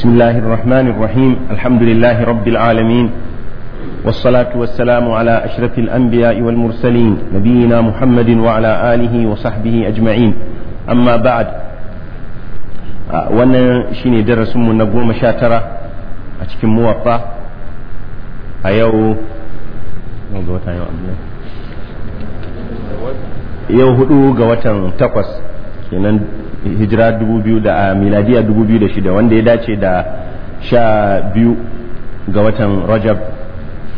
بسم الله الرحمن الرحيم الحمد لله رب العالمين والصلاة والسلام على أشرف الأنبياء والمرسلين نبينا محمد وعلى آله وصحبه أجمعين أما بعد وانا شيني درس من نبو مشاترة tara موقع أيو muwaffa a yau yau hudu ga watan takwas hijira biyu da miladiya 2006 wanda ya dace da sha biyu ga watan rajab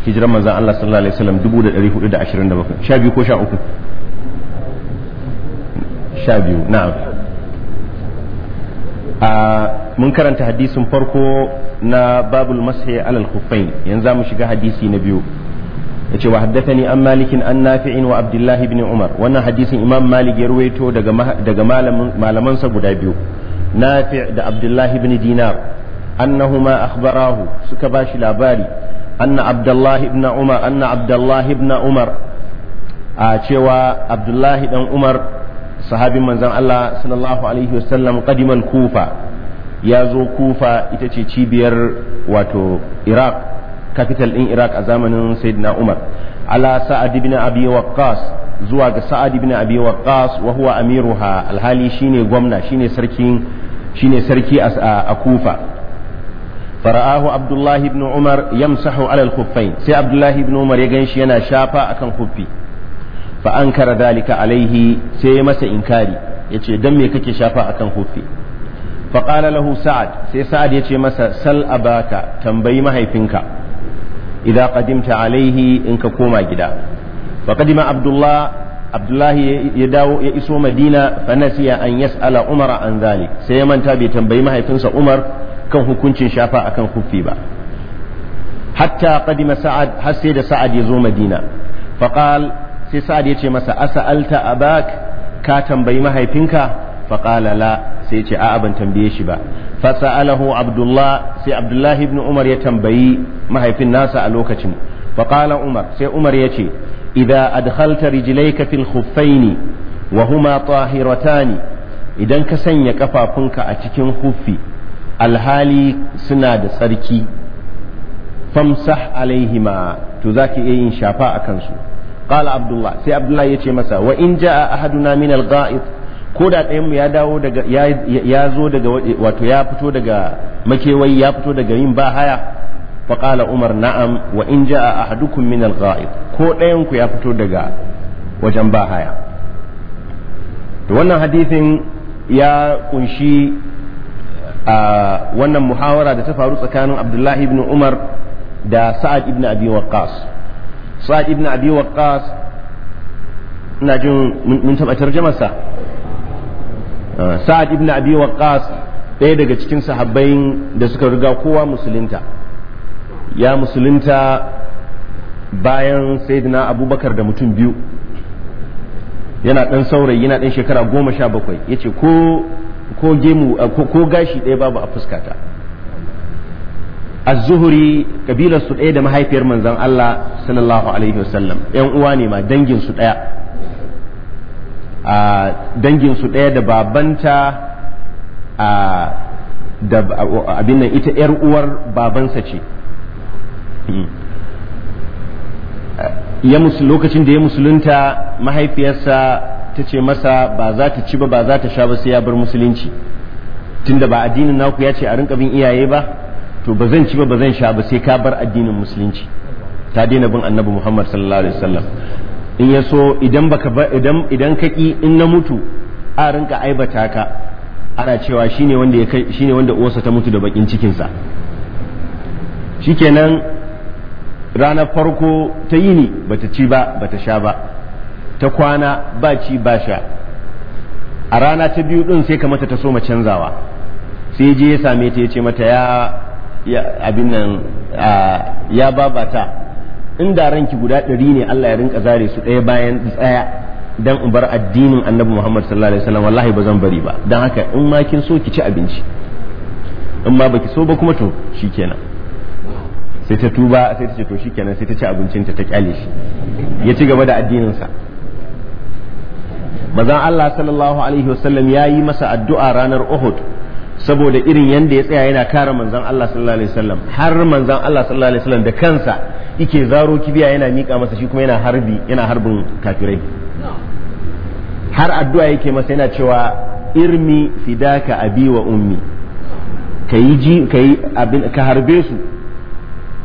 hijirar manzan Allah sallallahu alaihi wasallam 1427 sha biyu ko sha uku sha biyu na a mun karanta hadisin farko na babul masai alal kufai yanzu za mu shiga hadisi na biyu yace wa haddathani an malikin an nafi'in wa abdullahi ibn umar wannan hadisin imam malik ya ruwaito daga daga malaman sa guda biyu nafi' da abdullahi ibn dinar annahuma akhbarahu suka bashi labari anna abdullahi ibn umar anna abdullahi ibn umar a cewa abdullahi dan umar sahabin manzon Allah sallallahu alaihi wasallam qadimal kufa ya zo kufa ita ce cibiyar wato iraq kafital ɗin iraq a zamanin sayyidina umar ala sa'ad ibn abi waqqas zuwa ga sa'ad ibn abi waqqas wa huwa amiruha alhali shine gwamna shine sarki shine sarki a kufa fara'ahu abdullahi ibn umar yamsahu ala al-khuffain sai abdullahi bn umar ya ganshi yana shafa akan khuffi fa ankara dalika alaihi sai ya masa inkari yace dan me kake shafa akan khuffi fa qala lahu sa'ad sai sa'ad ya ce masa sal abaka tambayi mahaifinka idza qadimta alaihi in ka koma gida fa qadima abdullah abdullah ya dawo ya iso madina fa nasiya an yas'ala umar an zalik sai ya manta bai tambayi mahaifinsa umar kan hukuncin shafa akan kuffi ba hatta qadima sa'ad har sai da sa'ad ya zo madina fa qal sai sa'ad ya ce masa asa'alta abak ka tambayi mahaifinka faqala sai ce a'a ban tambaye shi ba fasalahu abdullah sai abdullah ibn umar ya tambayi mahaifin nasa a lokacin faqala umar sai umar ya ce idza adkhalta rijlayka wa huma tahiratani idan ka sanya kafafunka a cikin huffi alhali suna da tsarki famsah to zaki iya yin shafa kansu qala sai abdullah ya ce masa jaa ko da ɗayan mu ya dawo daga ya zo daga wato ya fito daga makewayi ya fito daga yin ba haya fa qala umar na'am wa in jaa ahadukum min al ko ɗayan ku ya fito daga wajen ba haya to wannan hadisin ya kunshi a wannan muhawara da ta faru tsakanin Abdullahi ibn Umar da Sa'ad ibn Abi Waqqas Sa'ad ibn Abi Waqqas ina jin mun taɓa jamarsa. Eh, sa'ad ibn abi waqqas ɗaya daga cikin sahabbai da suka riga kowa musulunta ya musulunta bayan sayyidina abubakar da mutum biyu yana ɗan saurayi yana ɗan shekara goma sha bakwai ya ce ko eh, gashi ɗaya babu a fuskata az-zuhuri kabilar ɗaya da mahaifiyar manzon Allah sallallahu alaihi wasallam yan uwa ne ma dangin su ɗaya danginsu ɗaya da babanta da abin nan ita 'yar uwar babansa ce lokacin da ya musulunta mahaifiyarsa ta ce masa ba za ta ci ba ba za ta sha ba sai ya bar musulunci tunda ba addinin naku ya ce a rinka bin iyaye ba to ba zan ci ba ba zan sha ba sai ka bar addinin musulunci ta daina bin annabi muhammad sallallahu alaihi wasallam in ya so idan baka idan idan ka ki in na mutu a rinka aibata ka ana cewa shine wanda ya kai shine wanda uwarsa ta mutu da bakin cikin sa shikenan rana farko ta yini bata ci ba bata sha ba ta kwana ba ci ba sha a rana ta biyu din sai kamata ta so ma canzawa sai je ya same ta ya ce mata ya abin nan ya babata inda ranki guda ɗari ne Allah ya rinka zare su ɗaya bayan tsaya dan in bar addinin annabi Muhammad sallallahu alaihi wasallam wallahi ba zan bari ba dan haka in ma kin so ki ci abinci in ma baki so ba kuma to shikenan sai ta tuba sai ta ce to shikenan sai ta ci abincin ta ta kyale shi ya ci gaba da addinin sa manzon Allah sallallahu alaihi wasallam ya yi masa addu'a ranar Uhud saboda irin yadda ya tsaya yana kare manzon Allah sallallahu alaihi wasallam har manzon Allah sallallahu alaihi wasallam da kansa yake zaro kibiya yana mika masa shi kuma yana harbi yana harbin kafirai har addu'a yake masa yana cewa irmi fidaka abi wa ummi kayi ji kayi abin ka harbe su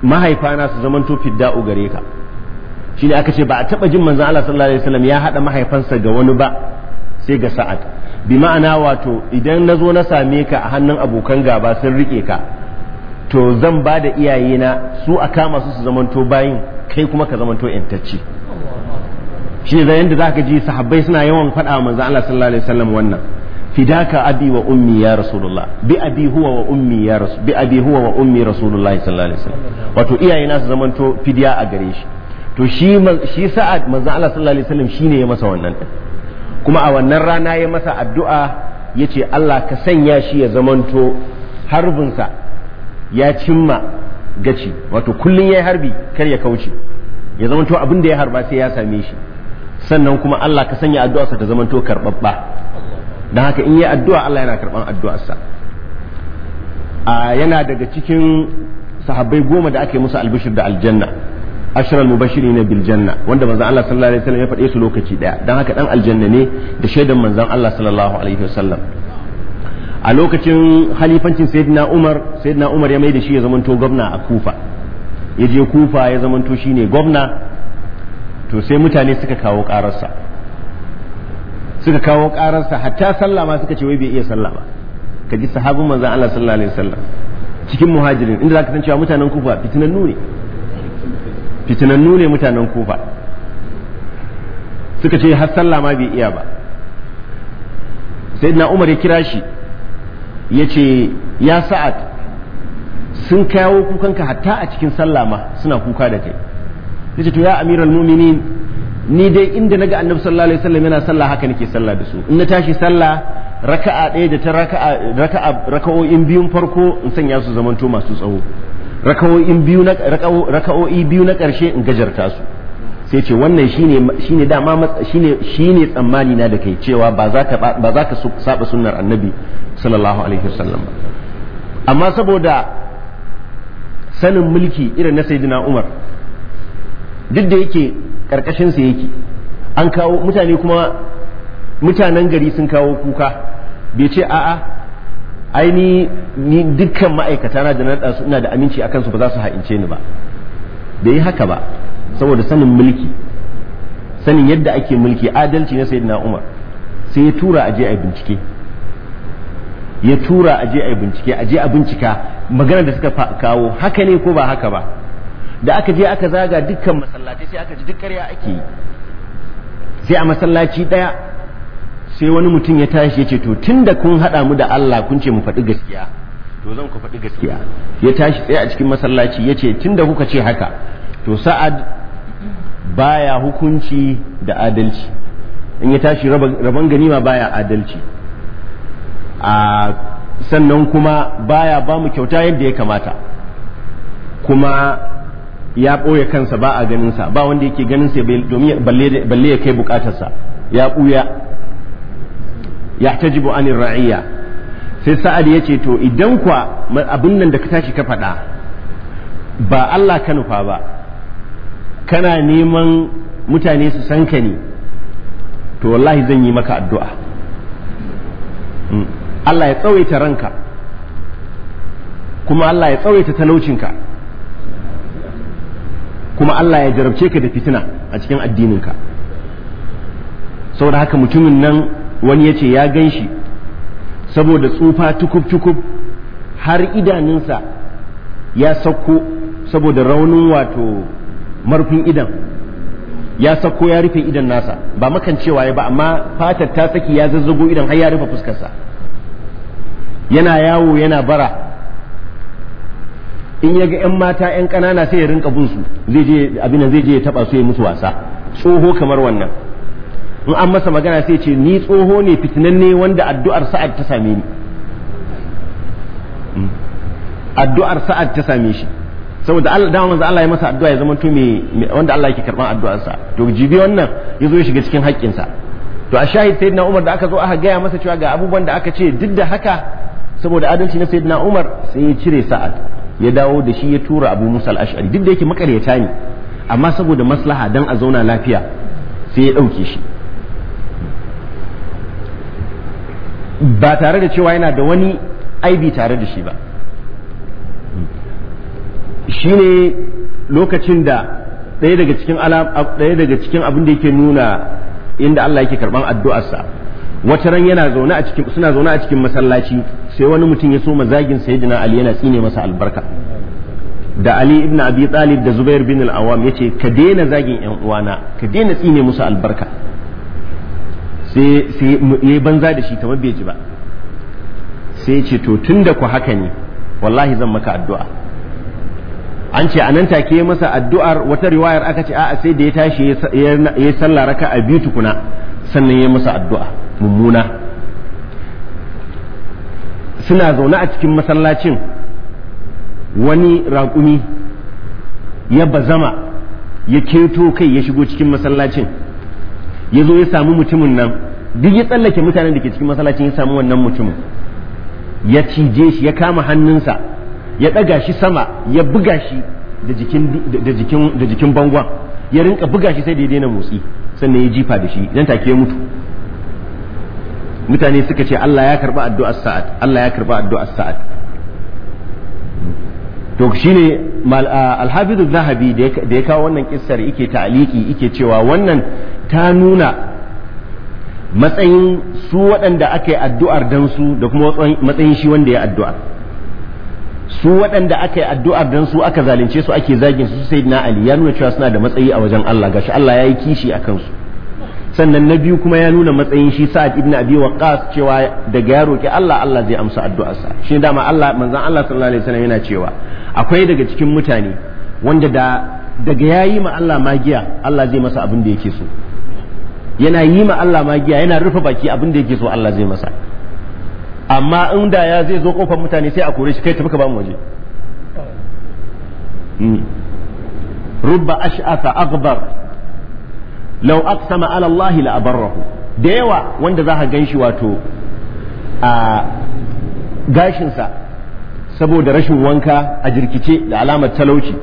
mahaifana su zamanto fidda'u gare ka shine aka ce ba a taba jin manzon Allah sallallahu alaihi wasallam ya hada mahaifansa ga wani ba sai ga sa'ad bi ma'ana wato idan na zo na same ka a hannun abokan gaba sun rike ka to zan ba da iyayena su a kama su su zamanto bayin kai kuma ka zamanto yantacce shi ne yadda za ka ji sahabbai suna yawan faɗa manzan Allah sallallahu alaihi wasallam wannan fidaka abi wa ummi ya rasulullah bi abi huwa wa ummi ya rasul bi abi huwa wa ummi rasulullah sallallahu alaihi wasallam wato iyayena su zamanto fidiya a gare shi to shi shi sa'ad manzo Allah sallallahu alaihi wasallam shine ya masa wannan din kuma a wannan rana ya masa addu'a ya ce Allah ka sanya shi ya zamanto harbinsa ya cimma gaci wato kullum ya yi harbi kar ya kauce ya zamanto abin da ya harba sai ya same shi sannan kuma Allah ka sanya addu'arsa ta zamanto karɓaɓɓa don haka in yi addu'a Allah yana karɓan addu'arsa yana daga cikin sahabbai goma da ake musu albishir da aljanna ashiral mubashiri na biljanna. wanda manzon Allah sallallahu alaihi wasallam ya faɗe su lokaci daya dan haka dan aljanna ne da shaidan manzon Allah sallallahu alaihi wasallam a lokacin halifancin sayyidina Umar sayyidina Umar ya mai da shi ya zamanto gwamna a Kufa ya je Kufa ya zamanto shine gwamna to sai mutane suka kawo ƙararsa suka kawo ƙararsa hatta sallah ma suka ce wai bai iya sallah ba kaji sahabin manzon Allah sallallahu alaihi wasallam cikin muhajirin inda zaka san cewa mutanen Kufa fitinannu ne fitinannu ne mutanen kufa suka ce har sallah ma bai iya ba sayyidina umar ya kira shi ya ce ya sa'ad sun kawo kukanka hatta a cikin sallah ma suna kuka da kai ya to ya amiral muminin ni dai inda naga annabi sallallahu alaihi wasallam yana sallah haka nake sallah da su in na tashi sallah raka'a ɗaya da ta raka'a raka'a raka'o'in biyun farko in sanya su zamanto masu tsawo raka'o'i biyu na ƙarshe in gajarta su sai ce wannan shine shine dama shine tsammani na da kai cewa ba za ka ba za ka saba sunnar annabi sallallahu alaihi wasallam ba amma saboda sanin mulki irin na sayyidina Umar duk da yake karkashin sa yake an kawo mutane kuma mutanen gari sun kawo kuka bai ce a'a aini ni dukkan ma'aikata na da na naɗa su ina da aminci akan su ba za su ha'ince ni ba bai yi haka ba saboda sanin mulki sanin yadda ake mulki adalci na sayyidina Umar sai ya tura aje a bincike ya tura aje a bincike aje a bincika magana da suka kawo haka ne ko ba haka ba da aka je aka zaga dukkan masallatai sai aka ji duk ƙarya ake yi sai a masallaci daya sai wani mutum ya tashi ya ce to tun da kun haɗa mu da Allah kun ce mu faɗi gaskiya to zan ku faɗi gaskiya ya tashi tsaye a cikin masallaci ya ce tun da kuka ce haka to sa'ad baya hukunci da adalci in ya tashi rabon ganima baya adalci a sannan kuma baya ba mu kyauta yadda ya kamata kuma ya ɓoye kansa ba a ganinsa ba wanda yake ganin domin balle ya kai bukatarsa ya ɓuya yahtajibu anir ra'iyya sai sa'ad ya ce to idan kwa abin nan da ka tashi ka faɗa ba Allah ka nufa ba kana neman mutane su san ka ne to wallahi zan yi maka addu'a mm. Allah ya tsawaita ranka kuma Allah ya tsawaita talaucinka kuma Allah ya jarabce ka da fitina a cikin addininka saboda haka mutumin nan wani ya ce ya gan shi saboda tsufa tukub-tukub har idanunsa ya sauko saboda raunin wato marfin idan ya sauko ya rufe idan nasa ba makan cewa ya ba amma fatar ta saki ya zazzago idan har ya rufe fuskarsa yana yawo yana bara in yaga ga 'yan mata 'yan ƙanana sai ya rinka bin su zai je zai je ya taba su ya musu wasa tsoho kamar wannan in an masa magana sai ce ni tsoho ne fitinanne wanda addu'ar sa'ad ta same ni hmm. addu'ar sa'ad ta same shi saboda Allah da manzo Allah ya masa addu'a ya zama to me wanda Allah yake karban addu'ar sa to jibi wannan yazo ya shiga cikin haƙƙin sa to a shahid sayyidina Umar da aka zo aka gaya masa cewa ga abubuwan da aka ce duk da haka saboda adalci na sayyidina Umar sai ya cire sa'ad ya dawo da shi ya tura Abu Musa al-Ash'ari duk da yake makaryata ne amma saboda maslaha dan a zauna lafiya sai ya dauke shi ba tare da cewa yana da wani aibi tare da shi ba shi ne lokacin da ɗaya daga cikin ɗaya daga cikin abin da yake nuna inda Allah yake karɓan addu'arsa wata ran yana zaune a cikin suna zaune a cikin masallaci sai wani mutum ya so mazagin sayyidina Ali yana tsine masa albarka da Ali ibn Abi Talib da Zubair bin al-Awwam yace ka daina zagin ƴan uwana ka daina tsine musu albarka sai sai yi banza da shi kamar bai ji ba sai ce to tun da ku haka ne wallahi zan maka addu'a an ce a nan take masa addu'ar wata riwayar aka ce a'a sai da ya tashi ya sallah raka a biyu tukuna sannan ya masa addu'a mummuna suna zaune a cikin masallacin wani raƙumi ya bazama ya keto kai ya shigo cikin masallacin ya zo ya sami mutumin nan duk ya tsallake mutanen da ke cikin masalacin ya samu wannan mutumin ya cije shi ya kama hannunsa ya ɗaga shi sama ya buga shi da jikin bangon ya rinka buga shi sai da ya daina motsi sannan ya jifa da shi dan take ya mutu mutane suka ce Allah ya karba addu'ar sa'ad Allah ya karba addu'ar sa'ad to shine al-Hafiz zahabi da ya kawo wannan kissar yake ta'aliki yake cewa wannan ta nuna matsayin su waɗanda aka yi addu'ar don su da kuma matsayin shi wanda ya addu'a su waɗanda aka yi addu'ar don su aka zalunce su ake zagin su sai na ali ya nuna cewa suna da matsayi a wajen Allah gashi Allah ya yi kishi a kansu sannan na biyu kuma ya nuna matsayin shi sa'ad ibn abi waqqas cewa daga ya roki Allah Allah zai amsa addu'arsa shi dama Allah manzon Allah sallallahu alaihi wasallam yana cewa akwai daga cikin mutane wanda da daga yayi ma Allah magiya Allah zai masa abin da yake so yana yi ma Allah magiya yana rufe baki abin da yake so Allah zai masa amma in da ya zai zo kofar mutane sai a kore shi kai tafi ka ba mu waje hmm. rubba ash'atha aghbar law aqsama ala Allah la abarrahu da yawa wanda za ka ganshi wato a gashinsa saboda rashin wanka a jirkice da alamar talauci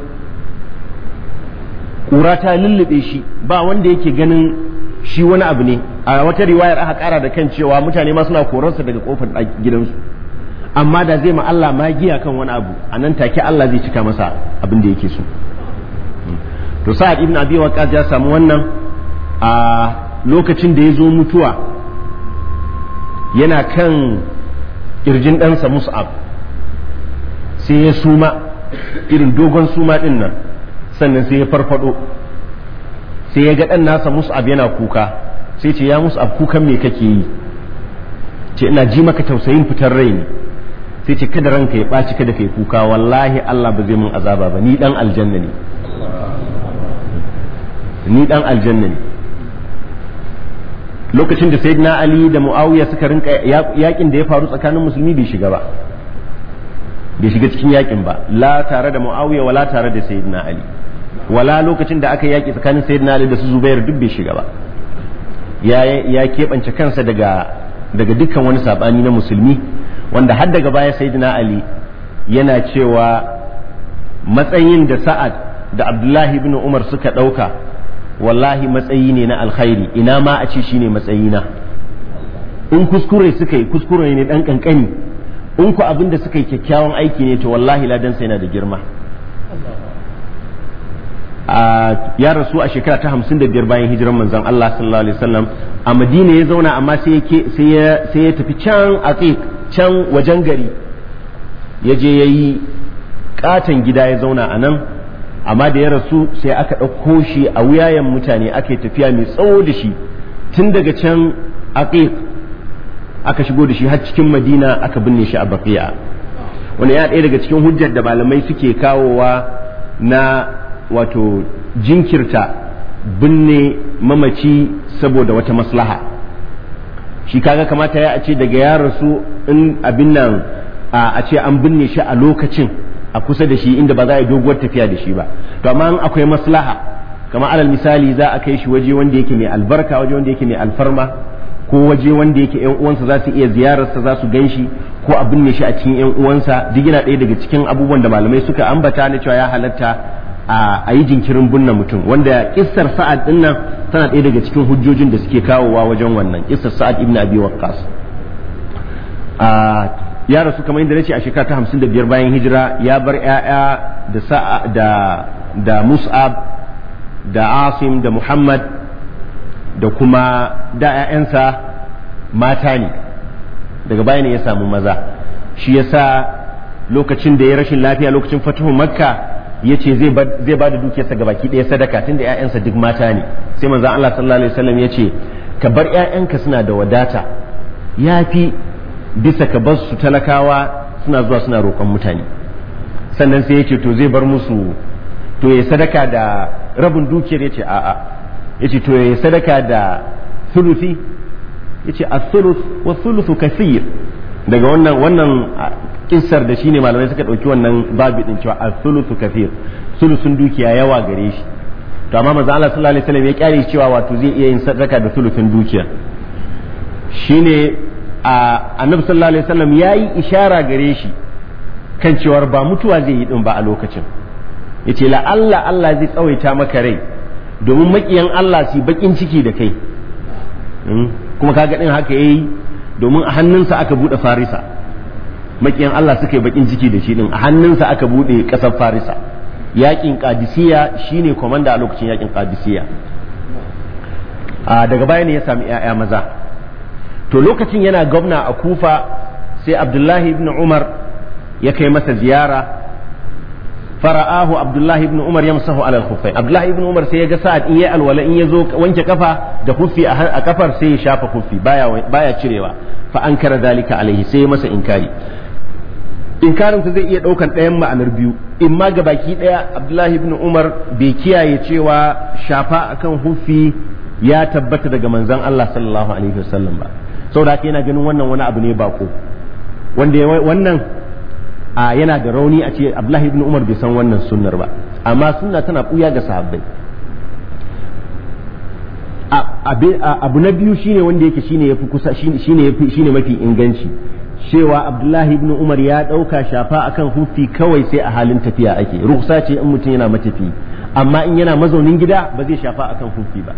ƙura ta lullube shi ba wanda yake ganin shi wani abu ne a wata riwayar aka kara da kan cewa mutane ma suna korarsa daga kofar gidansu amma da zai ma Allah magiya kan wani abu a nan take Allah zai cika masa abin da yake so to sa'ad ibn abi waqas ya samu wannan a lokacin da ya zo mutuwa yana kan kirjin ɗansa mus'ab sai ya suma irin dogon suma ɗin sannan sai ya farfado sai ya ga ɗan nasa mus'ab yana kuka sai ce ya mus'ab kukan me kake yi ce ina ji maka tausayin fitar rai ne sai ce kada ranka ya ɓaci kada kai kuka wallahi Allah ba zai mun azaba ba ni dan aljanna ne ni dan aljanna ne lokacin da sayyidina ali da muawiya suka rinka yakin da ya faru tsakanin musulmi bai shiga ba bai shiga cikin yakin ba la tare da muawiya wala tare da sayyidina ali wala lokacin da aka yaki tsakanin sayyidina ali da su zubair duk bai shiga ba ya ya keɓance kansa daga daga dukkan wani sabani na musulmi wanda har daga baya sayyidina ali yana cewa matsayin da sa'ad da abdullahi Ibn umar suka ɗauka wallahi matsayi ne na alkhairi ina ma a ce shine matsayina in kuskure suka yi kuskure ne dan kankani in ku abin da suka yi kyakkyawan aiki ne to wallahi ladan sai yana da girma ya rasu a shekara ta hamsin da biyar bayan hijiran manzon Allah sallallahu alaihi wasallam a Madina ya zauna amma sai ya sai ya tafi can a can wajen gari ya je ya yi katon gida ya zauna a nan amma da ya rasu sai aka ɗauko shi a wuyayen mutane aka tafiya mai tsawo da shi tun daga can aqiq aka shigo da shi har cikin madina aka binne shi a baqiya wani ya ɗaya daga cikin hujjar da malamai suke kawowa na wato jinkirta binne mamaci saboda wata maslaha shi kaga kamata ya a ce daga ya rasu in abin nan a ce an binne shi a lokacin a kusa da shi inda ba za a yi doguwar tafiya da shi ba to amma in akwai maslaha kamar alal misali za a kai shi waje wanda yake mai albarka waje wanda yake mai alfarma ko waje wanda yake yan uwansa za su iya ziyararsa za su gan shi ko a binne shi a cikin yan uwansa duk yana ɗaya daga cikin abubuwan da malamai suka ambata na cewa ya halatta a yi jinkirin binne mutum wanda kissar sa'ad din nan tana ɗaya daga cikin hujjojin da suke kawowa wajen wannan kissar sa'ad ibn abi waqqas ya rasu kamar yadda nace a shekara ta hamsin da biyar bayan hijira ya bar ƴaƴa da da da mus'ab da asim da muhammad da kuma da 'ya'yansa. mata ne daga baya ne ya samu maza shi yasa lokacin da ya rashin lafiya lokacin fatuhu makka ya ce zai ba da dukiyarsa ga baki ɗaya sadaka tun da 'ya'yansa duk mata ne sai manzan Allah sallallahu alaihi wasallam ya ce ka bar 'ya'yanka suna da wadata ya fi bisa ka bar su talakawa suna zuwa suna roƙon mutane sannan sai ya ce to zai bar musu to ya sadaka da rabin dukiyar ya ce a'a ya ce to ya sadaka da sulusi ya ce a sulus wa sulusu kasir daga wannan wannan kissar da shine malamai suka dauki wannan babu din cewa as-sulusu kafir sulusun dukiya yawa gare shi to amma manzo Allah sallallahu alaihi wasallam ya kyale cewa wato zai iya yin sadaka da sulusun dukiya shine a annabi sallallahu alaihi wasallam yayi ishara gare shi kan cewa ba mutuwa zai yi din ba a lokacin yace la Allah Allah zai tsawaita maka rai domin makiyan Allah su bakin ciki da kai hmm? kuma kaga din haka yayi domin a hannunsa aka buɗe farisa makiyan Allah suka yi bakin ciki da shi din a hannunsa aka buɗe ƙasar farisa yakin qadisiyya shine komanda a lokacin yakin qadisiyya a daga baya ne ya sami yaya maza to lokacin yana gwamna a kufa sai abdullahi ibn umar ya kai masa ziyara فرآه عبد الله umar عمر ala على khuffay عبد الله umar sai ya ga sa'ad in ya alwala in ya zo wanke kafa da kuffi a kafar sai ya shafa kuffi baya baya cirewa fa sai masa inkari inkarinsa zai iya ɗaukan ɗayan ma'anar biyu in ma ga baki ɗaya abdullahi ibn umar bai kiyaye cewa shafa akan hufi ya tabbata daga manzon Allah sallallahu alaihi wasallam ba saboda haka yana ganin wannan wani abu ne bako wanda wannan a yana da rauni a ce Abdullahi ibn Umar bai san wannan sunnar ba amma sunna tana buya ga sahabbai abu na biyu shine wanda yake shine yafi kusa shine shine mafi inganci cewa Abdullahi ibn Umar ya ɗauka shafa akan hufi kawai sai a halin tafiya ake ruksa ce in mutum yana matafi amma in yana mazaunin gida ba zai shafa akan hufi ba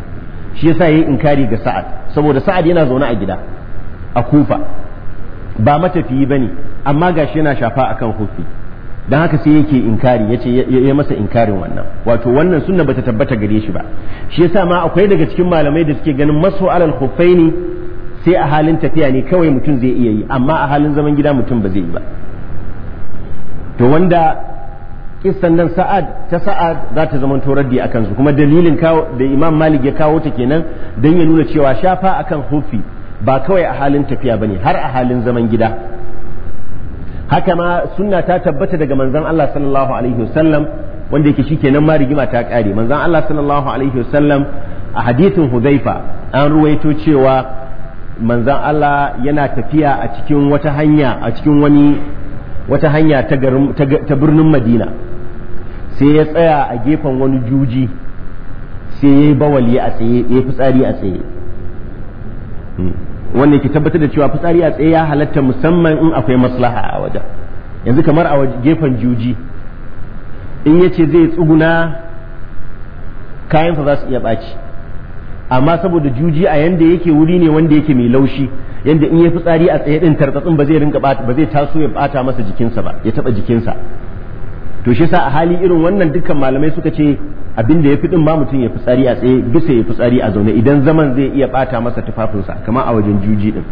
shi yasa yayi inkari ga Sa'ad saboda Sa'ad yana zaune a gida a Kufa ba matafiyi ba ne amma gashi yana shafa a kan hufi don haka sai yake inkari ya ce ya masa inkarin wannan wato wannan sunna bata tabbata gare shi ba shi yasa ma akwai daga cikin malamai da suke ganin masu alal ne. sai a halin tafiya ne kawai mutum zai iya yi amma a halin zaman gida mutum ba zai yi ba to wanda kissan sa'ad ta sa'ad za ta zama raddi su kuma dalilin kawo da imam malik ya kawo ta kenan don ya nuna cewa shafa akan hufi ba kawai a halin tafiya ba ne har a halin zaman gida haka ma sunna ta tabbata daga manzon Allah sallallahu alaihi wasallam wanda yake shikenan ma rigima ta kare manzon Allah sallallahu alaihi wasallam a hadithin Hudhaifa an ruwaito cewa manzon Allah yana tafiya a cikin wata hanya a cikin wani wata hanya ta ta birnin Madina sai ya tsaya a gefen wani juji sai ya yi bawali a tsaye ya yi fitsari a tsaye hmm. wannan ke tabbatar da cewa fitsari a tsaye ya halatta musamman in akwai maslaha a wajen yanzu kamar a gefen juji in ya zai tsuguna kayan za su iya ɓaci amma saboda juji a yanda yake wuri ne wanda yake mai laushi yanda in ya fitsari a tsaye din tartatsin ba zai rinka ba zai taso ya bata masa jikinsa ba ya taba jikinsa to shi sa a hali irin wannan dukkan malamai suka ce abin da ya fi din ba mutum ya fitsari a tsaye bisa ya fitsari a zaune idan zaman zai iya bata masa tufafinsa kamar a wajen juji din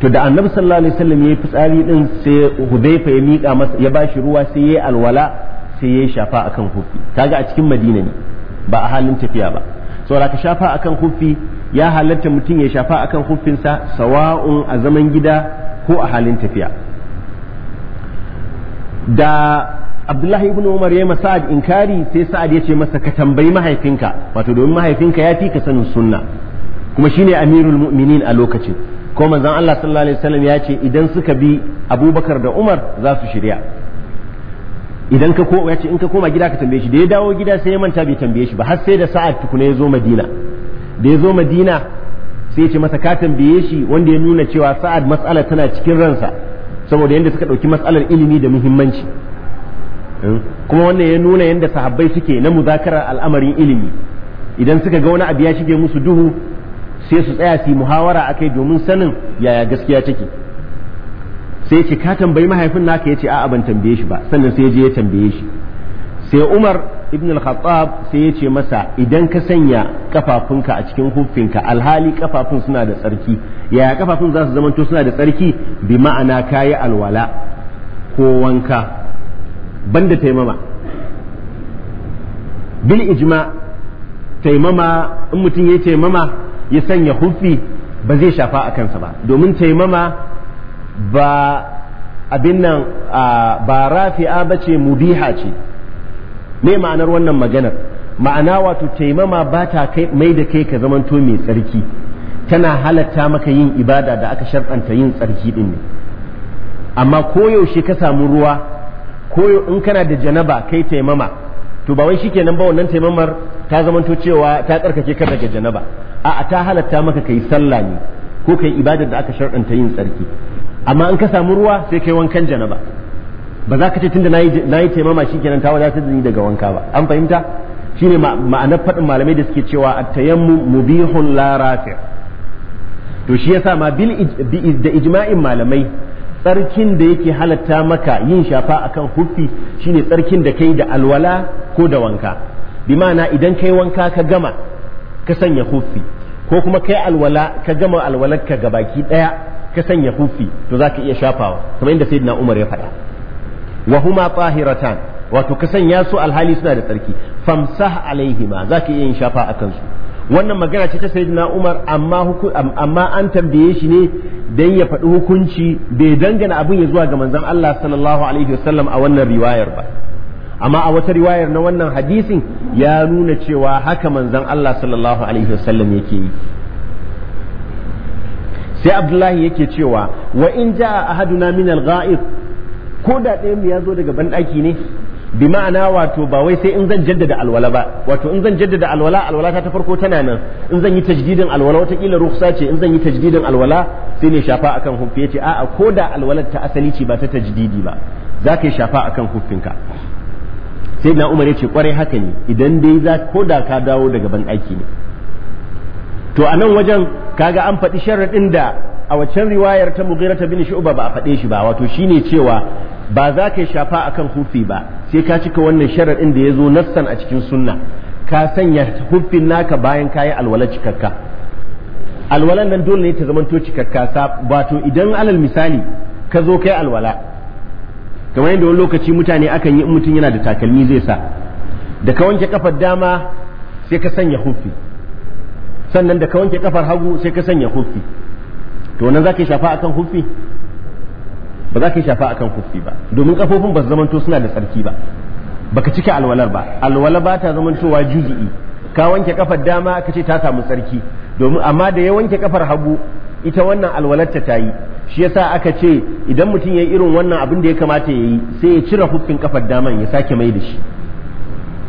to da annabi sallallahu alaihi wasallam yayi fitsari din sai hudayfa ya mika masa ya bashi ruwa sai yayi alwala sai yayi shafa akan hufi kaga a cikin madina ne ba a halin tafiya ba saboda ka shafa akan hufi ya halatta mutum ya shafa akan hufinsa sawa'un a zaman gida ko a halin tafiya da abdullahi ibn umar ya sa'ad inkari sai sa'ad ya ce masa ka tambayi mahaifinka wato domin mahaifinka ya fi ka sanin sunna kuma shine amirul mu'minin a lokacin ko manzon Allah sallallahu alaihi wasallam ya ce idan suka bi abubakar da umar za su shirya idan ka koma yace in ka koma gida ka tambaye shi da ya dawo gida sai ya manta bai tambaye shi ba har sai da sa'ad tukuna ya zo madina da ya zo madina sai ya ce masa ka tambaye shi wanda ya nuna cewa sa'ad mas'ala tana cikin ransa saboda yadda suka ɗauki matsalar ilimi da muhimmanci Eh? kuma wannan ya nuna yadda sahabbai suke na muzakarar al'amarin ilimi idan suka ga wani abu ya shige musu duhu sai su tsaya su muhawara akai domin sanin yaya gaskiya take sai ce ka tambayi mahaifin naka ya ce a'a ban tambaye shi ba sannan sai je ya tambaye shi sai Umar ibn al-Khattab sai ya ce masa idan ka sanya kafafunka a cikin huffinka alhali kafafun suna da tsarki yaya kafafun za su zamanto suna da tsarki bi ma'ana kayi alwala ko wanka banda taimama bil ijma taimama in mutum ya taimama ya sanya hufi ba zai shafa a kansa ba domin taimama ba abin nan ba rafi'a ba ce mubiha ce me ma'anar wannan maganar ma'ana wato taimama ba ta mai da kai ka zamanto mai tsarki tana halatta maka yin ibada da aka sharɗanta yin tsarki ɗin ne amma koyaushe ka samu ruwa ko in kana da janaba kai taimama to ba wai nan ba wannan taimamar ta zamanto cewa ta tsarkake ka daga janaba a'a ta halatta maka kai sallah ne ko kai ibadar da aka sharɗanta yin tsarki amma in ka samu ruwa sai kai wankan janaba ba za ka ce tunda nayi taimama shikenan ta wadatar da ni daga wanka ba an fahimta shine ma'anar faɗin malamai da suke cewa at-tayammum mubihun la rafi' to shi yasa ma bil da ijma'in malamai tsarkin da yake halatta maka yin shafa akan huffi shine tsarkin da kai da alwala ko da wanka bi ma'ana idan kai wanka ka gama ka sanya huffi ko kuma kai alwala ka gama alwalar ka gabaki daya ka sanya huffi to zaka iya shafawa kamar inda sayyidina Umar ya faɗa wa huma tahiratan wato ka sanya su alhali suna da tsarki famsah alaihima zaka iya yin shafa akan su wannan magana ce ta sayyidina Umar amma amma an tambaye shi ne dan ya faɗi hukunci bai dangana abin ya zuwa ga manzon Allah sallallahu alaihi wasallam a wannan riwayar ba amma a wata riwayar na wannan hadisin ya nuna cewa haka manzon Allah sallallahu alaihi wasallam yake yi sai Abdullahi yake cewa wa in jaa ahaduna min al-gha'ib ko da ɗayan mu ya zo daga banɗaki ne bi ma'ana wato ba wai sai in zan jaddada alwala ba wato in zan jaddada alwala alwala ta ta farko tana nan in zan yi tajdidin alwala wata watakila ruksa ce in zan yi tajdidin alwala sai ne shafa akan huffi yace a'a ko da alwalar ta asali ce ba ta tajdidi ba zaka ka yi shafa akan huffinka sai na umar yace kwarai haka ne idan dai za ko da ka dawo daga ban aiki ne to a nan wajen kaga an faɗi sharaɗin da a waccan riwayar ta mugirata bin shu'ba ba a faɗe shi ba wato shine cewa ba za ka yi shafa a kan hufi ba sai ka cika wannan sharaɗin da ya zo nassan a cikin sunna ka sanya hufin naka bayan ka yi alwala cikakka alwalan nan dole ne ta zamanto cikakka wato idan alal misali ka zo kai alwala kamar yadda wani lokaci mutane akan yi in mutum yana da takalmi zai sa da ka wanke kafar dama sai ka sanya hufi sannan da ka wanke kafar hagu sai ka sanya hufi to nan za ka shafa akan hufi ba za ka yi shafa akan kufi ba domin kafofin ba su zamanto suna da tsarki ba baka cika alwalar ba alwala ba ta zamantowa juzu'i ka wanke kafar dama ka ce ta samu tsarki domin amma da ya wanke kafar hagu ita wannan alwalar ta yi shi yasa aka ce idan mutum ya yi irin wannan abin da ya kamata ya yi sai ya cire hufin kafar daman ya sake mai da shi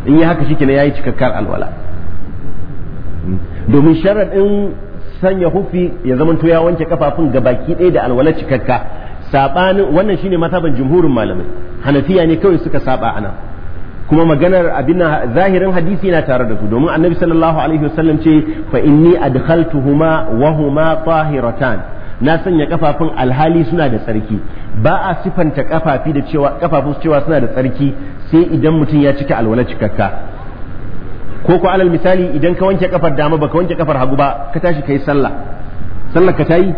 in yi haka shike ne ya yi cikakkar alwala domin sharaɗin sanya hufi ya zamanto ya wanke kafafun ga baki ɗaya da alwala cikakka sabanin wannan shine mataban jumhurin malamai hanafiya ne kawai suka saba ana kuma maganar abin zahirin hadisi yana tare da su domin annabi sallallahu alaihi wasallam ce fa inni adkhaltuhuma wa huma tahiratan na sanya kafafun alhali suna da tsarki ba a sifanta kafafi da cewa kafafun cewa suna da tsarki sai idan mutum ya cika alwala cikakka ko ko alal misali idan ka wanke kafar dama baka wanke kafar hagu ba ka tashi kai sallah sallar ka tayi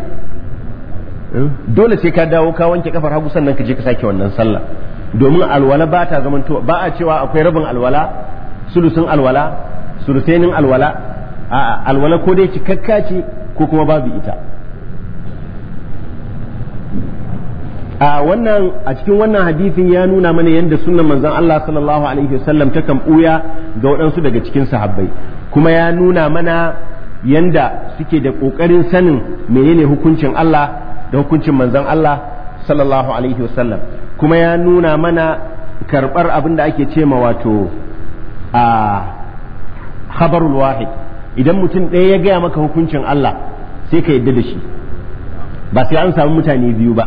dole sai ka dawo ka wanke kafar hagu sannan ka je ka sake wannan sallah domin alwala ba ta to ba a cewa akwai rabin alwala sulusun alwala sulusainin alwala a alwala ko dai cikakka ce ko kuma babu ita a wannan a cikin wannan hadisin ya nuna mana yadda sunnan manzon Allah sallallahu alaihi wasallam ta kan buya ga waɗansu daga cikin sahabbai kuma ya nuna mana yanda suke da ƙoƙarin sanin menene hukuncin Allah da hukuncin manzon Allah sallallahu alaihi wasallam kuma ya nuna mana karɓar abin da ake ce ma wato a khabarul wahid idan mutum ɗaya ya gaya maka hukuncin Allah sai ka yadda da shi ba sai an samu mutane biyu ba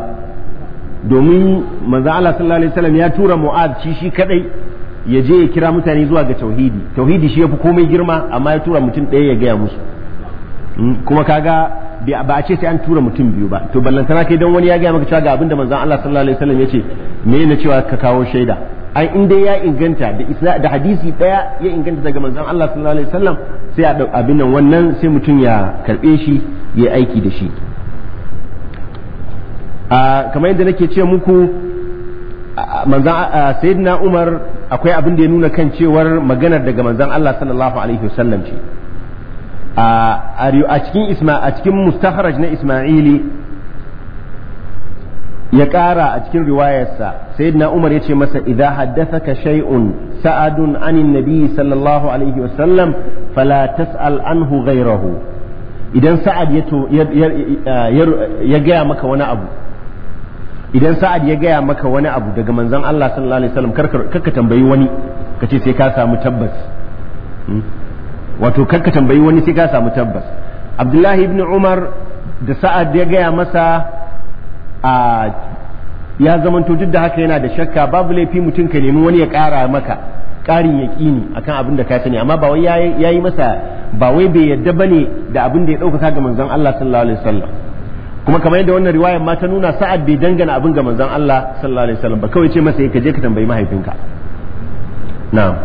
domin manzon Allah sallallahu alaihi wasallam ya tura Mu'ad shi shi kadai ya je ya kira mutane zuwa ga tauhidi tauhidi shi yafi komai girma amma ya tura mutum ɗaya ya gaya musu hmm, kuma kaga ba a ce sai an tura mutum biyu ba to ballantana kai don wani ya gaya maka cewa ga abinda manzon Allah sallallahu alaihi wasallam yace me yana cewa ka kawo shaida ai in dai ya inganta da isna da hadisi daya ya inganta daga manzon Allah sallallahu alaihi wasallam sai a dau abin nan wannan sai mutum ya karbe shi ya aiki da shi a kamar yadda nake ce muku manzon sayyidina Umar akwai abin da ya nuna kan cewar maganar daga manzon Allah sallallahu alaihi wasallam ce a cikin isma a cikin mustakhraj na isma'ili ya ƙara a cikin riwayarsa sayyidina umar ya ce masa idan haddasa ka shay'un sa'adun anin nabi sallallahu alaihi wasallam fala tas'al anhu ghayrahu idan sa'ad ya gaya maka wani abu idan sa'ad ya gaya maka wani abu daga manzon Allah sallallahu alaihi wasallam ka tambayi wani ka ce sai ka samu tabbas hmm? wato ka tambayi wani sai ka samu tabbas abdullahi ibn umar da sa'ad ya gaya masa a ya zamanto duk da haka yana da shakka babu laifi mutum ka nemi wani ya ƙara maka ƙarin ya ƙini akan abin da ka sani amma ba wai ya yi masa ba wai bai yadda ba ne da abin da ya ɗaukaka ga manzon Allah sallallahu alaihi wasallam kuma kamar yadda wannan riwaya ma ta nuna sa'ad bai dangana abin ga manzon Allah sallallahu alaihi wasallam ba kawai ce masa eh, ka je ka tambayi mahaifinka na'am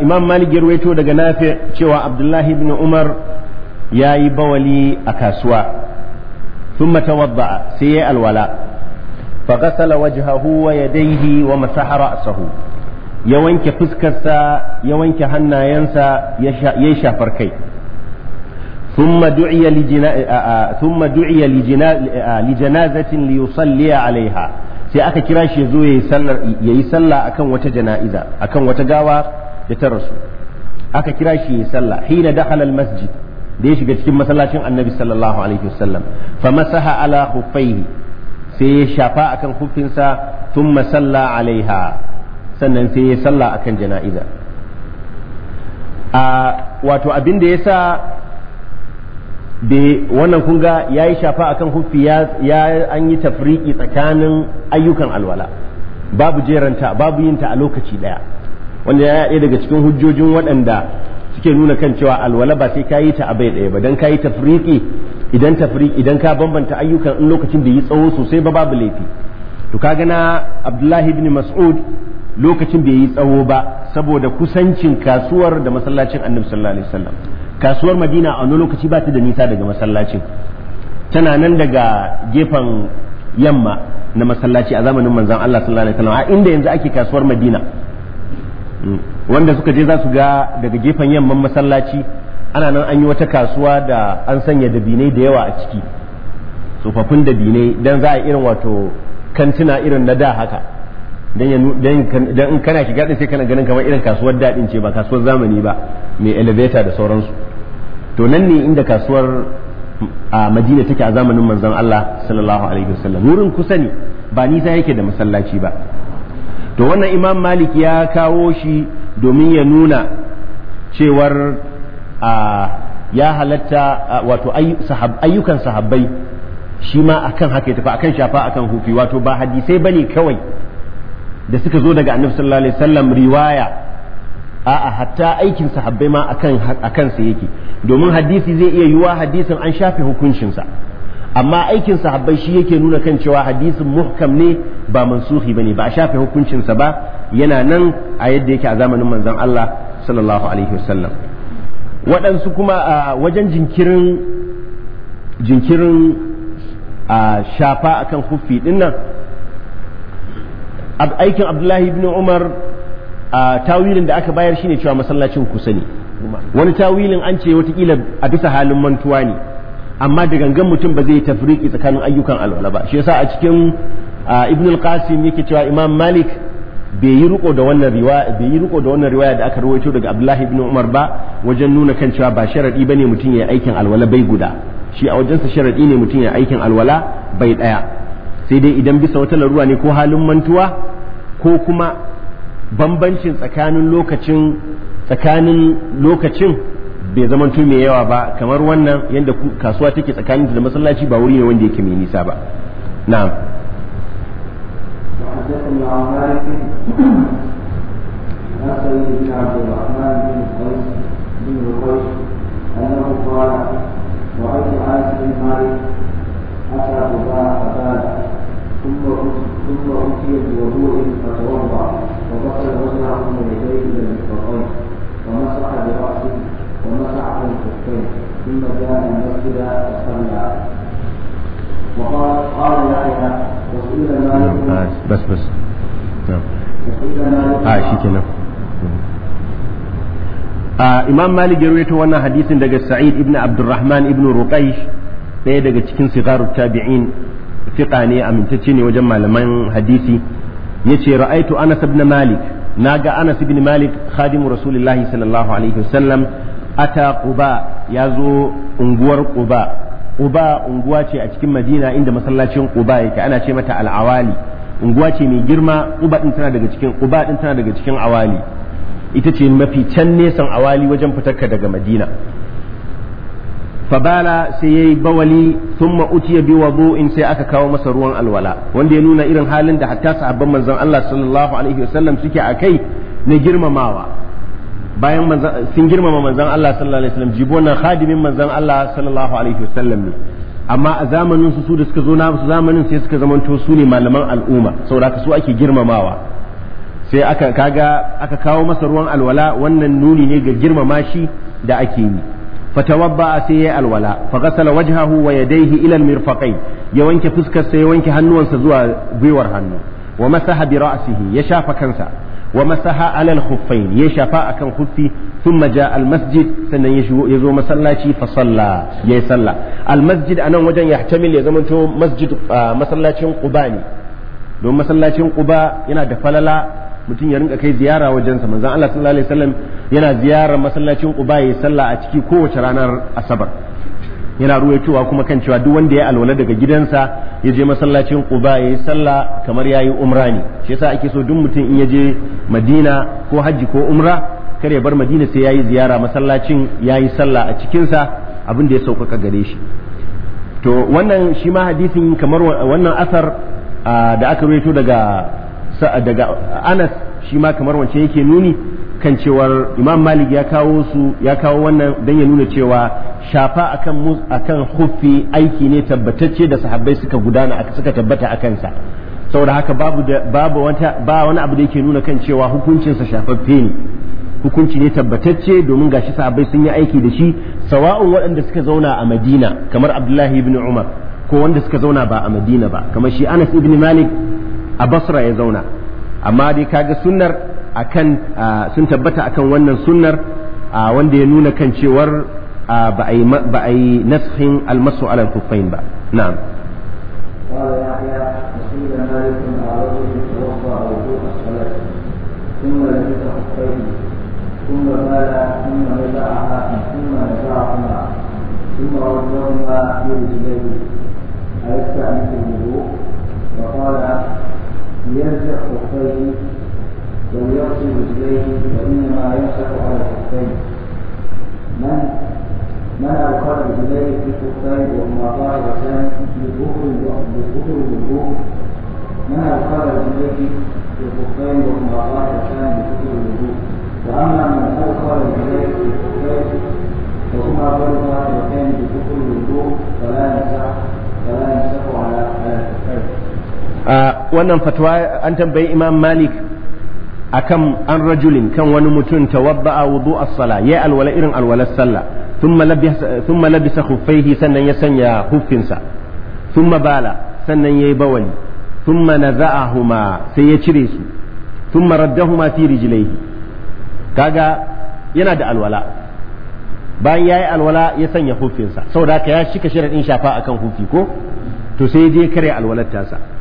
imam malik rawaito daga nafi cewa abdullahi ibn umar ya yi bawali a kasuwa sun matawadda sai ya alwala faƙasala wajahahu wa yadaihi wa masahara asahu ya wanke fuskarsa ya wanke hannayensa ya yi shafar kai ثم دعي لجنا لجنازه ليصلي عليها سي اكا كيرا شي زو يي سلا يي سلا اكن وتا جنازه اكن fitar rasu aka kira shi yi sallah hina dakhala al masjid da ya shiga cikin masallacin annabi sallallahu alaihi wasallam fa masaha ala khuffaihi sai ya shafa akan khuffinsa thumma salla alaiha sannan sai ya salla akan jana'iza a wato abin da yasa wannan kun ga yi shafa akan khuffi ya an yi tafriki tsakanin ayyukan alwala babu jeranta babu yinta a lokaci daya wanda ya ɗaya daga cikin hujjojin waɗanda suke nuna kan cewa alwala ba sai ka yi ta abai ɗaya ba don ka yi tafriki idan tafriki idan ka bambanta ayyukan in lokacin da yi tsawo sosai ba babu laifi to ka gana Abdullahi ibn Mas'ud lokacin bai yi tsawo ba saboda kusancin kasuwar da masallacin Annabi sallallahu alaihi wasallam kasuwar Madina a wani lokaci ba ta da nisa daga masallacin tana nan daga gefen yamma na masallaci a zamanin manzon Allah sallallahu alaihi wasallam a inda yanzu ake kasuwar Madina wanda suka je za su ga daga gefen yamman masallaci ana nan an yi wata kasuwa da an sanya dabinai da yawa a ciki tsofaffin dabinai don za a irin wato kantina irin na da haka don in kana shiga din sai kana ganin kamar irin kasuwar daɗin ce ba kasuwar zamani ba mai elevator da sauransu to nan ne inda kasuwar a madina take a zamanin manzon Allah sallallahu alaihi wasallam wurin kusa ne ba nisa yake da masallaci ba to wannan imam malik ya kawo shi domin ya nuna cewar ya halatta wato ayyukan sahabbai shi ma akan haka tafi a akan shafa akan hufi wato ba hadisai bane kawai da suka zo daga annabi sallallahu alaihi wasallam riwaya a'a hatta aikin sahabbai ma akan akan sa yake domin hadisi zai iya yiwa hadisin an shafe hukuncinsa amma aikin sahabbai shi yake nuna kan cewa hadisin muhkam ne ba mansuhi bane ba a shafe hukuncinsa ba yana nan a yadda yake a zamanin manzon Allah sallallahu alaihi wasallam waɗansu kuma a wajen jinkirin jinkirin a shafa akan huffi dinnan aikin abdullahi ibn umar a tawilin da aka bayar shine cewa masallacin kusa ne wani tawilin an ce watakila a bisa halin mantuwa ne amma da gangan mutum ba zai tafriki tsakanin ayyukan alwala ba shi yasa a cikin ibn al-qasim yake cewa imam malik bai yi riko da wannan riwaya bai yi riko da wannan riwaya da aka rawaito daga abdullahi ibn umar ba wajen nuna kan cewa ba sharadi bane mutum ya aikin alwala bai guda shi a wajensa sharadi ne mutum ya aikin alwala bai daya sai dai idan bisa wata larura ne ko halin mantuwa ko kuma bambancin tsakanin lokacin tsakanin lokacin bai zamanto mai yawa ba kamar wannan yadda kasuwa take tsakanin da masallaci ba wuri ne wanda yake mai nisa ba na'am حدثني عن مالك عن سعيد بن عبد الرحمن بن قيس بن قيس انه قال رايت انس بن مالك اتى قباء فبال ثم ثم اتي بوضوء فتوضا وغسل وجهه من يديه الى المرفقين ومسح براسه ومسح بالخفين ثم جاء المسجد فصلى وقال قال وسئل مالك بس بس Imam Malik ya rawaito wannan hadisin daga Sa'id ibn Abdurrahman ibn Ruqaysh ɗaya daga cikin sigaru tabi'in fiqa ne amintacce ne wajen malaman hadisi yace ra'aitu Anas ibn Malik naga Anas ibn Malik khadimu Rasulullahi sallallahu alaihi wasallam ata Quba yazo unguwar Quba Quba unguwa ce a cikin Madina inda masallacin Quba yake ana ce mata al-Awali unguwa ce mai girma Quba din tana daga cikin Quba din tana daga cikin Awali ita ce mafi can nesan Awali wajen fitarka daga Madina fabala sai yayi bawali thumma utiya bi wudu'in sai aka kawo masa ruwan alwala wanda ya nuna irin halin da hatta sahabban manzon Allah sallallahu alaihi wasallam suke akai na girmamawa bayan sun girmama manzon Allah sallallahu alaihi wasallam jibo nan khadimin manzon Allah sallallahu alaihi wasallam ne amma a zamanin su su da suka zo na su zamanin sai suka zamanto su ne malaman al'umma saboda su ake girmamawa sai aka kaga aka kawo masa ruwan alwala wannan nuni ne ga girmama shi da ake yi fatawabba sai ya alwala fa ghasala wajhahu wa yadayhi ila almirfaqain ya wanke fuskar ya wanke hannuwansa zuwa gwiwar hannu wa masaha bi ra'sihi ya shafa kansa wa masaha alal khuffain ya shafa akan khuffi thumma maja al masjid sannan ya shigo ya zo masallaci fa salla yayi salla al masjid anan wajen ya ya zamanto masjid masallacin quba ne don masallacin quba yana da falala mutum ya rinka kai ziyara wajensa manzon Allah sallallahu yana ziyarar masallacin quba yayi salla a ciki kowace ranar asabar yana ruwaitowa kuma kan cewa duk wanda ya alwala daga gidansa ya je masallacin Quba yi sallah kamar yayi umra ne shi yasa ake so duk mutum in ya je Madina ko Hajji ko umra kar ya bar Madina sai ya yi ziyara masallacin yayi sallah a cikinsa sa abin da ya sauƙaƙa gare shi to wannan shi ma hadisin kamar wannan asar da aka ruwaito daga daga Anas shi ma kamar wance yake nuni kan cewar imam malik ya kawo su ya kawo wannan dan ya nuna cewa shafa akan akan huffi aiki ne tabbatacce da sahabbai suka gudana suka tabbata a kansa saboda haka babu babu wata ba wani abu da yake nuna kan cewa hukuncinsa shafaffe ne hukunci ne tabbatacce domin gashi sahabbai sun yi aiki da shi sawa'un waɗanda suka zauna a madina kamar abdullahi ibn umar ko wanda suka zauna ba a madina ba kamar shi anas ibn malik a basra ya zauna amma dai kaga sunnar akan sun tabbata akan wannan sunnar wanda ya nuna kan cewar ba a yi ba a yi nashin almasu ala kufain ba na'am ثم لبس خفيه ثم لو يغسل رجليه فإنما يمسح على الخفين من من أوقات رجليه في الخفين وهما طاهرتان بالظهر بالظهر والظهر من أوقات رجليه في الخفين وهما طاهرتان بالظهر والظهر وأما من أوقات رجليه في الخفين وهما طاهرتان بالظهر والظهر فلا يمسح فلا يمسح على الخفين آه، wannan fatwa an tambayi imam malik akan an rajulin kan wani mutum tawadda'a wudu as-sala ya alwala irin alwalar sallah sun labisa thumma labisa sannan ya sanya hufinsa sun bala sannan ya yayi bawali thumma naza'ahuma sai ya cire su sun thumma raddahuma fi rijlaihi kaga yana da alwala bayan ya yi alwala ya sanya hufinsa sau da ka ya shika in shafa akan hufi ko to sai je kare alwalar tasa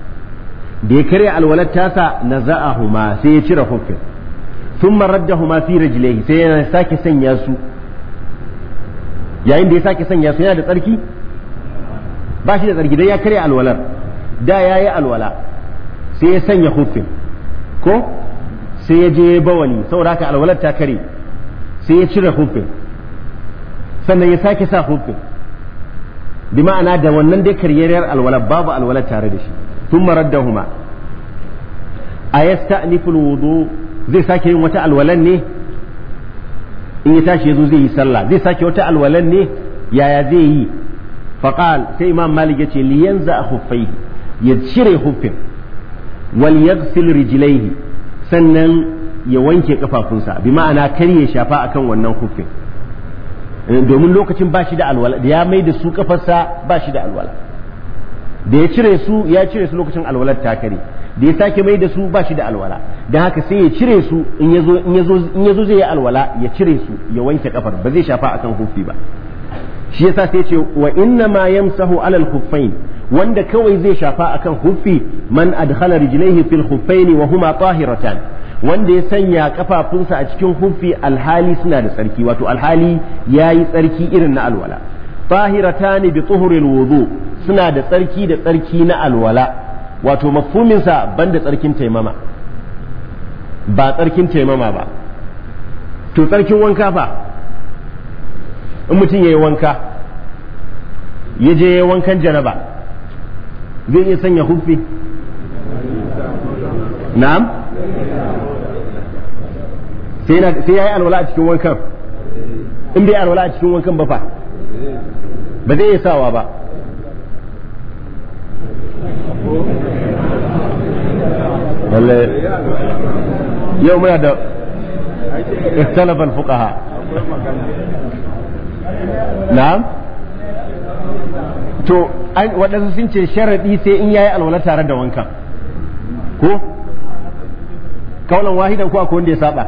da ya karya alwalar tasa naza'ahuma sai ya cire hufin thumma raddahuma fi rijlihi sai ya sake sanya su yayin da ya sake sanya su yana da tsarki ba shi da tsarki dai ya karya alwalar da yayi alwala sai ya sanya hufin ko sai ya je bawani saboda haka alwalar ta kare sai ya cire hufin sannan ya sake sa hufin bi ma'ana da wannan dai karyayyar alwalar babu alwalar tare da shi thumma raddahuma ayasta'nifu alwudu zai sake yin wata alwalan ne in ya tashi yazo zai yi sallah zai sake wata alwalan ne yaya zai yi faqal sai imam malik yace li yanza khuffaihi ya cire huffin wal yaghsil rijlaihi sannan ya wanke kafafunsa bi ma'ana kar ya shafa akan wannan huffin eh, domin lokacin ba shi da alwala da ya mai da su kafarsa ba shi da alwala da ya cire su ya cire su lokacin alwalar ta da ya sake mai da su ba shi da alwala don haka sai ya cire su in ya zai yi alwala ya cire su ya wanke kafar ba zai shafa akan hufi ba shi yasa sai ce wa inna ma yamsahu alal khuffain wanda kawai zai shafa akan hufi man adkhala rijlaihi fil khuffain wa huma tahiratan wanda ya sanya kafafunsa a cikin hufi alhali suna da tsarki wato alhali yayi tsarki irin na alwala tahiratan bi tuhuril wudu' suna da tsarki da tsarki na alwala wato ban da tsarkin taimama ba tsarkin taimama ba to tsarkin wanka fa in mutum ya yi wanka ya je ya yi wankan janaba zai iya sanya huffi na'am sai ya yi alwala a cikin wankan in bai alwala a cikin wankan ba fa ba zai iya sawa ba lalle yau muna da istalafan fukaha na to waɗansu sun ce sharaɗi sai in yayi alwala tare da wankan ko kaunan wahidan ko akwai wanda ya saba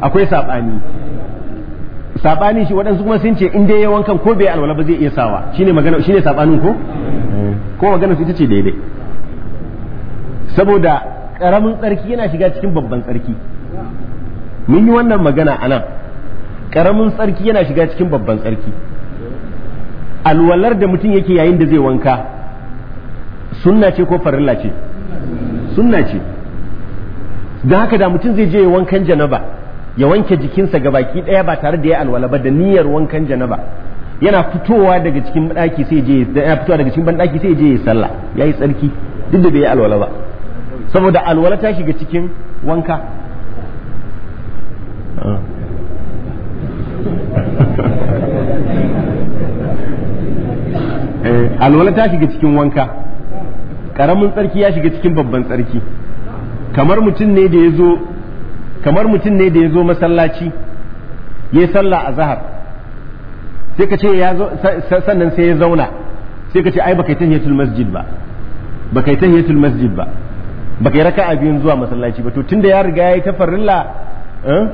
akwai sabani sabani shi waɗansu kuma sun ce in dai ya wankan ko bai alwala ba zai iya sawa shine magana shine sabanin ko ko magana ita ce daidai saboda karamin tsarki yana shiga cikin babban tsarki mun yi wannan magana a nan karamin tsarki yana shiga cikin babban tsarki alwalar da mutum yake yayin da zai wanka sunna ce ko farilla ce sunna ce don haka da mutum zai je wankan janaba ya wanke jikinsa ga baki daya ba tare da ya alwala ba da niyyar wankan janaba yana fitowa daga cikin daki sai je yana fitowa daga cikin bandaki sai je ya sallah yayi tsarki duk da bai alwala ba saboda alwala ta shiga cikin wanka eh, alwala ta shiga cikin wanka karamin tsarki ya shiga cikin babban tsarki kamar mutum ne da ya zo kamar mutum ne da ya zo masallaci ya sallah a zahar sai ka ce ya sannan sai ya zauna sai ka ce ai baka yi tahiyatul masjid ba baka yi tahiyatul masjid ba baka yi raka'a biyun zuwa masallaci ba to tunda ya riga yayi ta farilla eh,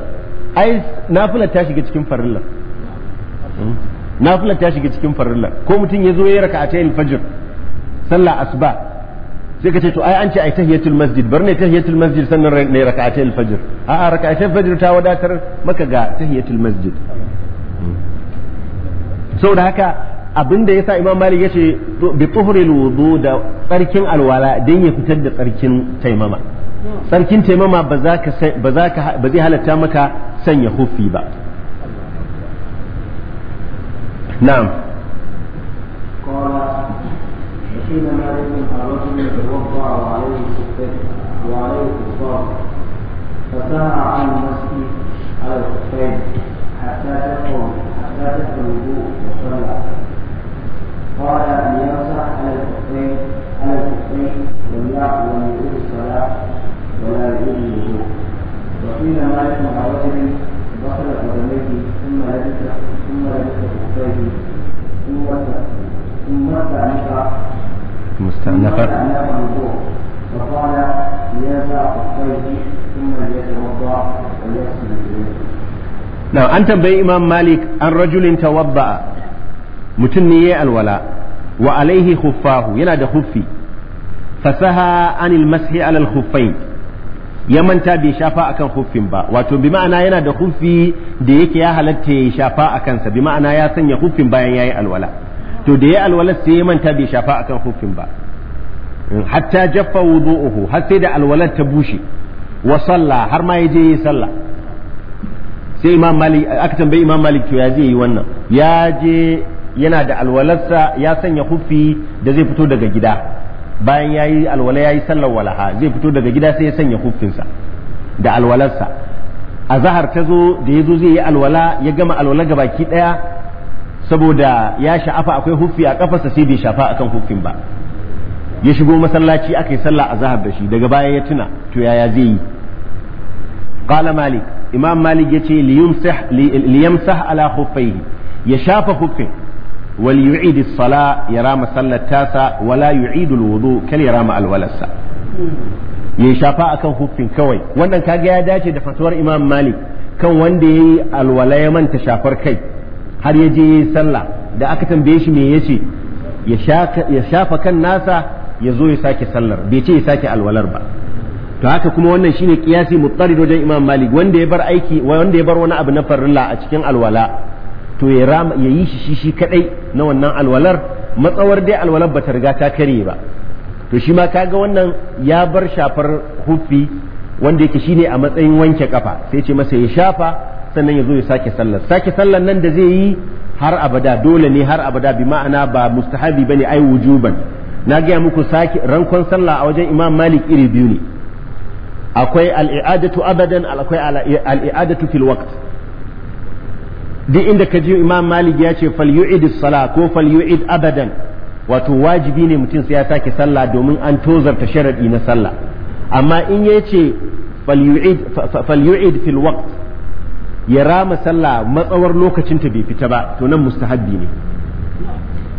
ai nafilar ta shiga cikin farilla hmm? nafilar ta shiga cikin farilla ko mutum ya zo ya raka'a ta fajr sallah asuba sai ka ce to ai an ce ai tahiyatul masjid bar ne tahiyatul masjid sannan ne raka'a ta fajr a'a raka'a ta fajr ta wadatar maka ga tahiyatul masjid sau da haka abin da sa imam malik yace bi tuhuril wudu da tsarkin alwala dan ya fitar da tsarkin taimama tsarkin taimama ba za ka ba za ka ba zai halatta maka sanya hufi ba na'am حينما يكن الرجل يتوضا وعليه خفين وعليه خفان فساء عن المسجد على الخفين حتى تقوم حتى تدخل الوضوء والصلاة قال أن يمسح على الكفين على الكفين من يعود الصلاة ولا يعود الوضوء وقيل مالك مع رجل دخل قدميه ثم لبس ثم لبس كفيه ثم ثم استأنف مستأنفا الوضوء فقال ليزع كفيه ثم ليتوضأ وليغسل يديه na an tambayi imam malik an rajulin tawadda'a mutum ne ya alwala wa alaihi khuffahu yana da khuffi fasaha anil mashi alal ya manta bai shafa akan khuffin ba wato bi ma'ana yana da hufi da yake ya halatta ya shafa a kansa bi ma'ana ya sanya hufin bayan yayi alwala to da yayi alwala sai ya manta bai shafa akan khuffin ba hatta jaffa wudu'uhu har sai da alwalar ta bushe wa sallah har ma ya je yi sallah sai imam malik aka tambayi imam malik to ya je yi wannan ya je yana da alwalarsa ya sanya hufi da zai fito daga gida bayan ya yi alwala ya yi sallar walaha zai fito daga gida sai ya sanya hufinsa da alwalarsa a zahar ta zo da ya zo zai yi alwala ya gama alwala ga baki ɗaya saboda ya sha'afa akwai hufi a kafarsa sai bai shafa akan hufin ba ya shigo masallaci aka yi sallah a zahar da shi daga baya ya tuna to yaya zai yi qala malik imam malik yace liyamsah ala khuffaihi ya shafa khuffin wal yu'id as-sala ya rama sallar tasa wala yu'id al kal ya rama alwalarsa ya shafa akan huffin kawai wannan kaga ya dace da fatuwar imam malik kan wanda yayi alwala ya manta shafar kai har ya je yayi sallah da aka tambaye shi me yace ya shafa kan nasa ya zo ya sake sallar bai ce ya sake alwalar ba to haka kuma wannan shine mu muttarid wajen imam malik wanda ya bar aiki wanda ya bar wani abu na farilla a cikin alwala to ya rama ya yi shi shi kadai na wannan alwalar matsawar dai alwalar bata riga ta kare ba to shi ma kaga wannan ya bar shafar huffi wanda yake shine a matsayin wanke kafa sai ce masa ya shafa sannan ya zo ya sake sallar sake sallar nan da zai yi har abada dole ne har abada bi ma'ana ba mustahabi bane ai wujuban na gaya muku sake rankon sallah a wajen imam malik iri biyu ne akwai al'i'adatu abadan akwai al'i'adatu fil duk inda ka ji imam malik ya ce fal sala ko fal abadan wato wajibi ne mutum sai ya sake sallah domin an tozarta sharadi na sallah amma in ya ce fal yu'id ya rama sallah matsawar lokacinta bai fita ba to nan mustahabbi ne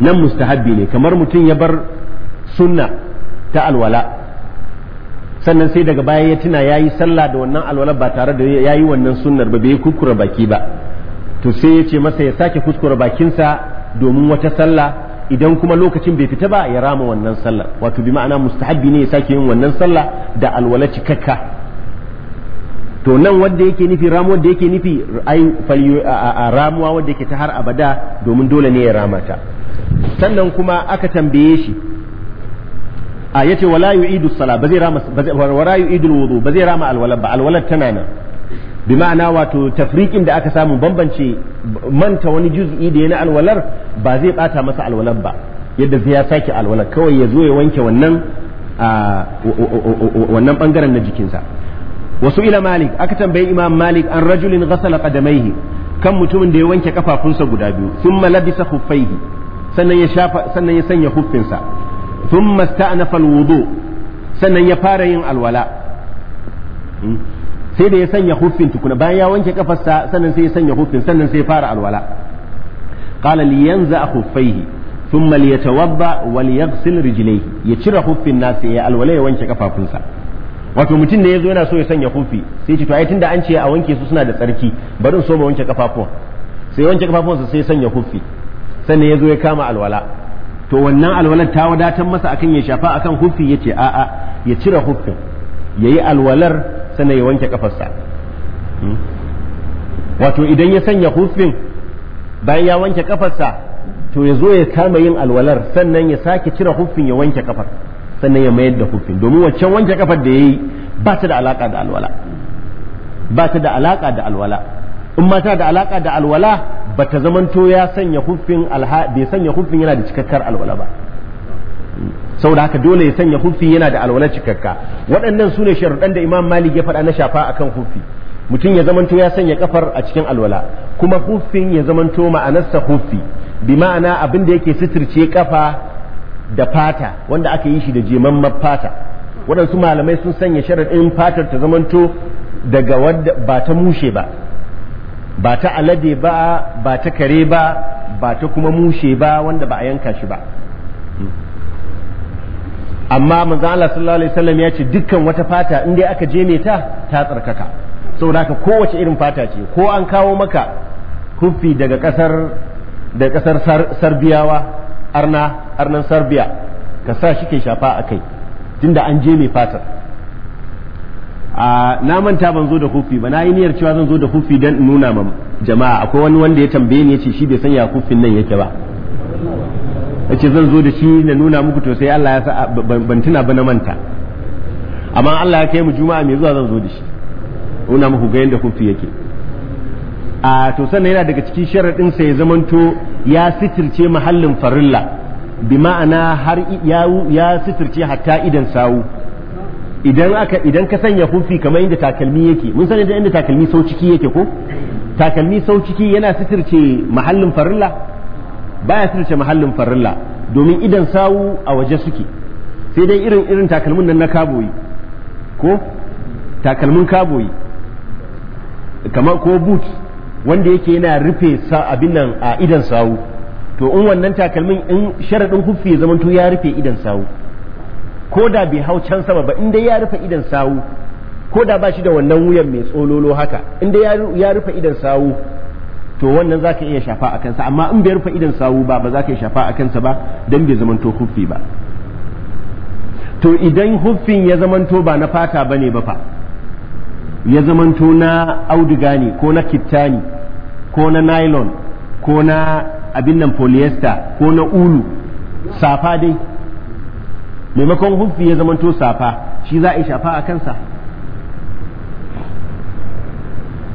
nan mustahabbi ne kamar mutum ya bar sunna ta alwala sannan sai daga baya ya tuna ya yi sallah da wannan alwala ba tare da ya yi wannan sunnar ba bai kuskura baki ba to sai ya ce masa ya sake kuskura bakinsa domin wata sallah idan kuma lokacin bai fita ba ya rama wannan sallah wato bi ma'ana mustahabbi ne ya sake yin wannan sallah da alwala cikakka to nan wanda yake nufi ramuwa wanda yake nufi ai ramuwa wanda yake ta har abada domin dole ne ya ramata sannan kuma aka tambaye shi a ah, yace wala yu'idu sala ba zai rama wala yu'idu wudu ba zai rama alwala ba alwala tana nan bi ma'ana wato tafriqin da aka samu bambance manta wani juz'i da yana alwalar ba zai bata masa alwalar ba yadda zai ya sake alwalar kawai ya zo ya wanke wannan ah, wannan bangaren na jikinsa wasu ila malik aka tambayi imam malik an rajulin ghasala qadamaihi kan mutumin da ya wanke kafafunsa guda biyu thumma labisa khuffaihi sannan ya shafa sannan ya sanya huffinsa ثم استأنف الوضوء sannan ya fara yin alwala hmm? sai da ya sanya huffin tukuna bayan ya wanke kafarsa sannan sai ya sanya لينزع sannan sai ya fara alwala qala li yanza يا الولاء liyatawadda wa wato mutum ne ya zo yana so ya sanya hufi sai ce to ai tunda an ce a wanke su suna da tsarki bari in so ba wanke kafafuwan sai wanke kafafuwa sai ya sanya hufi sannan ya zo ya kama alwala to wannan alwalar ta wadatar masa akan ya shafa akan hufi ya ce a'a ya cire hufin ya yi alwalar sannan ya wanke kafarsa hmm? wato idan ya sanya hufin bayan ya wanke kafarsa to ya zo ya kama yin alwalar sannan ya sake cire hufin ya wanke kafar sannan ya mayar da hufin domin waccan wanke kafar da ya yi ba ta da alaka da alwala ba ta da alaka da alwala in ma ta da alaka da alwala bata zamanto ya sanya huffin alha bai sanya huffin yana da cikakkar alwala ba saboda haka dole ya sanya huffi yana da alwala cikakka waɗannan su ne sharuɗan da imam malik ya faɗa na shafa akan hufi mutum ya zamanto ya sanya kafar a cikin alwala kuma hufin ya zamanto ma'anarsa hufi bi ma'ana abin da yake sitirce kafa da fata wanda aka yi shi da jemamman fata waɗansu malamai sun sanya sharaɗin fatar ta zamanto daga wadda ba ta mushe ba ba ta alade ba ba ta kare ba ba ta kuma mushe ba wanda ba a yanka shi ba amma manzo Allah sallallahu alaihi wasallam ya ce dukkan wata fata in dai aka je ta ta tsarkaka saboda ka kowace irin fata ce ko an kawo maka kufi daga kasar da kasar sarbiyawa arna arnan sarbiya ka sa shi ke shafa a kai tunda an je mai fatar na manta ban zo da hufi ba na yi niyyar cewa zan zo da hufi dan in nuna ma jama'a akwai wani wanda ya tambaye ni yace shi bai sanya hufin nan yake ba yace zan zo da shi na nuna muku to sai Allah ya sa ban tuna ba na manta amma Allah ya kai mu juma'a mai zuwa zan zo da shi nuna muku ga yanda hufi yake a to sannan yana daga cikin sharaɗin sa ya zamanto ya sitirce mahallin farilla bi ma'ana har ya sitirce hatta idan sawu idan aka idan ka sanya hufi kamar inda takalmi yake mun sani da inda takalmi sau ciki yake ko takalmi sau ciki yana sitirce mahallin farilla baya sitirce mahallin farilla domin idan sawu a waje suke sai dai irin irin takalmin nan na kaboyi ko takalmin kaboyi kamar ko boot wanda yake yana rufe abin nan a idan sawu to in wannan takalmin in sharadin kufi ya zamanto ya rufe idan sawu ko da bai hau can sama ba in dai ya rufe idan sawu ko da ba shi da wannan wuyan mai tsololo haka in dai ya rufe idan sawu to wannan zaka iya shafa a kansa amma in bai rufe idan sawu ba ba za ka iya shafa a kansa ba dan bai zamanto huffi ba to idan huffin ya zamanto ba na fata bane ba fa ya zamanto na auduga ne ko na kittani ko na nylon ko na abin nan polyester ko na ulu safa dai maimakon hufi ya zamanto safa shi za a yi shafa a kansa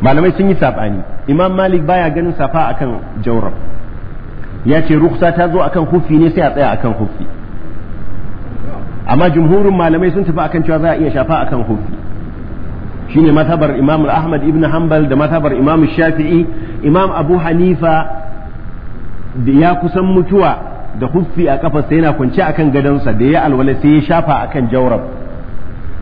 malamai sun yi saɓani imam malik baya ganin safa akan jawrab ya ce ruksa ta zo akan hufi ne sai a tsaya akan hufi amma jumhurin malamai sun tafi akan cewa za a iya shafa akan hufi shine matabar imam ahmad ibn hanbal da matabar imam shafi'i imam abu hanifa ya kusan mutuwa da huffi a kafarsa yana kwance akan gadonsa da ya alwala sai ya shafa akan jaurab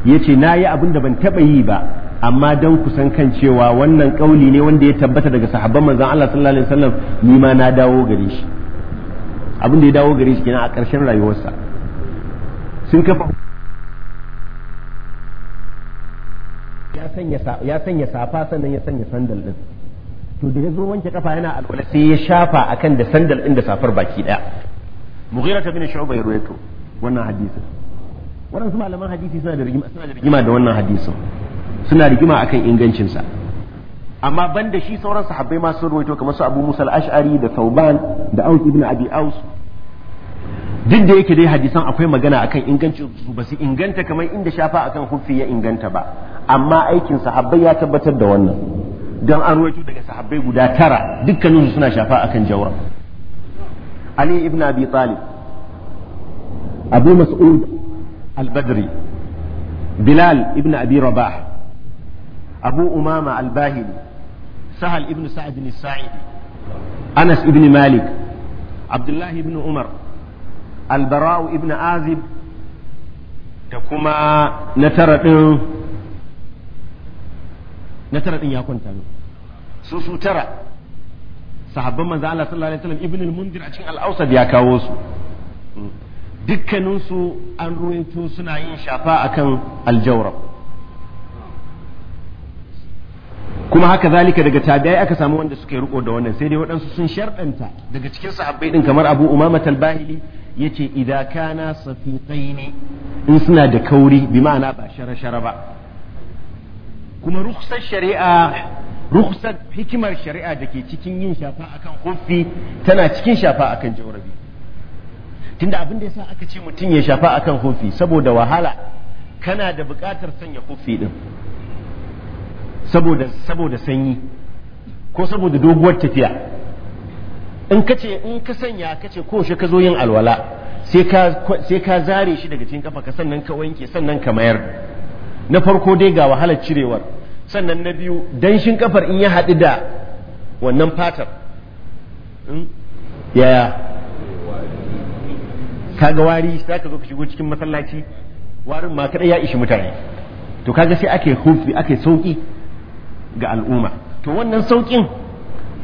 ya ce na yi abin da ban taɓa yi ba amma don kusan kan cewa wannan ƙauli ne wanda ya tabbata daga sahabban manzon Allah sallallahu alaihi wasallam ni ma na dawo gare shi abin da ya dawo gare shi kenan a ƙarshen rayuwarsa sun kafa ya sanya safa sannan ya sanya sandal din to da ya zo wanke kafa yana alwala sai ya shafa akan da sandal din da safar baki daya mughira bin shu'ba ya ruwaito wannan hadisin waɗansu malaman hadisi suna da rigima suna da rigima da wannan hadisin suna rigima akan ingancin sa amma ban da shi sauran sahabbai ma sun ruwaito kamar su Abu Musa al-Ash'ari da Thauban da Aus ibn Abi Aus duk da yake dai hadisan akwai magana akan ingancin su ba su inganta kamar inda shafa akan huffi ya inganta ba amma aikin sahabbai ya tabbatar da wannan dan an ruwaito daga sahabbai guda tara dukkaninsu suna shafa akan jawra علي بن أبي طالب أبو مسعود البدري بلال بن أبي رباح أبو أمامة الباهلي سهل بن سعد الساعدي أنس بن مالك عبد الله بن عمر البراء بن عازب تكما نترة نترة يا كنت سوسو ترى sahabban manzo Allah sallallahu alaihi wasallam ibn al-mundir a cikin al-ausad ya kawo su dukkanin su an ruwaito suna yin shafa akan al-jawrab kuma haka zalika daga tabi'ai aka samu wanda suka riko da wannan sai dai waɗansu sun sharɗanta daga cikin sahabbai din kamar Abu Umama al-Bahili yace idza kana ne in suna da kauri bi ma'ana ba shara ba kuma rukhsar shari'a rukusar hikimar shari'a da ke cikin yin shafa akan kofi tana cikin shafa akan jawrabi tunda abin da yasa aka ce mutum ya shafa akan kofi saboda wahala kana da buƙatar sanya kofi din saboda saboda sanyi ko saboda doguwar tafiya in ka ce in ka sanya ka ce ko shi ka zo yin alwala sai ka sai ka zare shi daga cikin kafa ka sannan ka wanke sannan ka mayar na farko dai ga wahalar cirewar sannan na biyu danshin kafar in ya haɗu da wannan fatar hmm? yaya kaga wari ta ka zo ka shigo cikin masallaci warin ma kaɗai ya ishi mutane to kaga sai ake hufi ake sauƙi ga al'umma to wannan sauƙin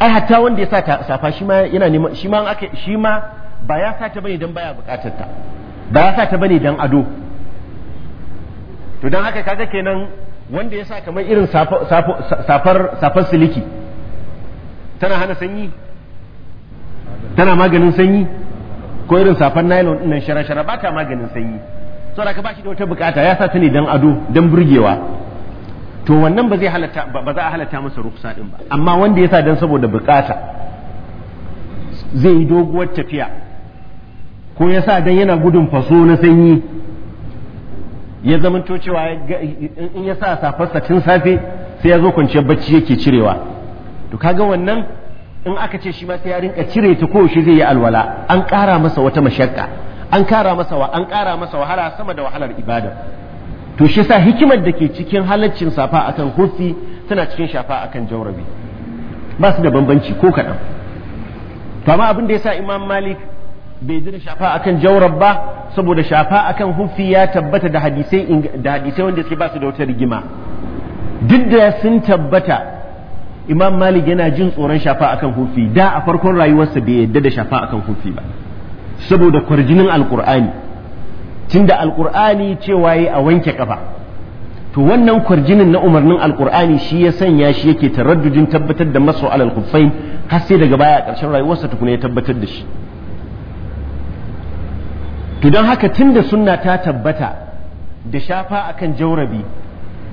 ai hatta wanda ya sa safa shi ma yana neman shi ma ake shi ma ba ya sa ta bane dan baya buƙatar ta ba ya sa ta bane dan ado to dan haka kaga kenan wanda ya sa kamar irin safar siliki tana hana sanyi tana maganin sanyi ko irin safar nylon nan shara-shara ba ta maganin sanyi da ka ba shi da wata bukata ya sa ta ne don ado don burgewa to wannan ba zai ba za a halata masa ruksa din ba amma wanda ya sa don saboda bukata zai yi doguwar tafiya ko ya sa don yana gudun faso na sanyi ya zamanto cewa in ya sa safarsa tun safe sai ya zo kwanciyar bacci yake cirewa to kaga wannan in aka ce shi ma sai ya rinka cire ta ko shi zai yi alwala an ƙara masa wata mashakka an ƙara masa wa an ƙara masa wahala sama da wahalar ibada to shi sa hikimar da ke cikin halaccin safa akan hufi tana cikin shafa akan jaurabi ba su da bambanci ko kaɗan to amma abin da ya sa imam malik bai zira shafa shafa akan jawrab ba saboda shafa akan hufi ya tabbata da hadisai wanda suke ba su da wata rigima duk da sun tabbata imam malik yana jin tsoron shafa akan hufi da a farkon rayuwarsa bai yadda da shafa akan hufi ba saboda kwarjinin alqur'ani tunda alqur'ani cewa yi a wanke kafa to wannan kwarjinin na umarnin alqur'ani shi ya sanya shi yake taraddudin tabbatar da maso alal har sai daga baya a ƙarshen rayuwarsa tukuna ya tabbatar da shi to don haka tunda sunna ta tabbata da shafa akan jaurabi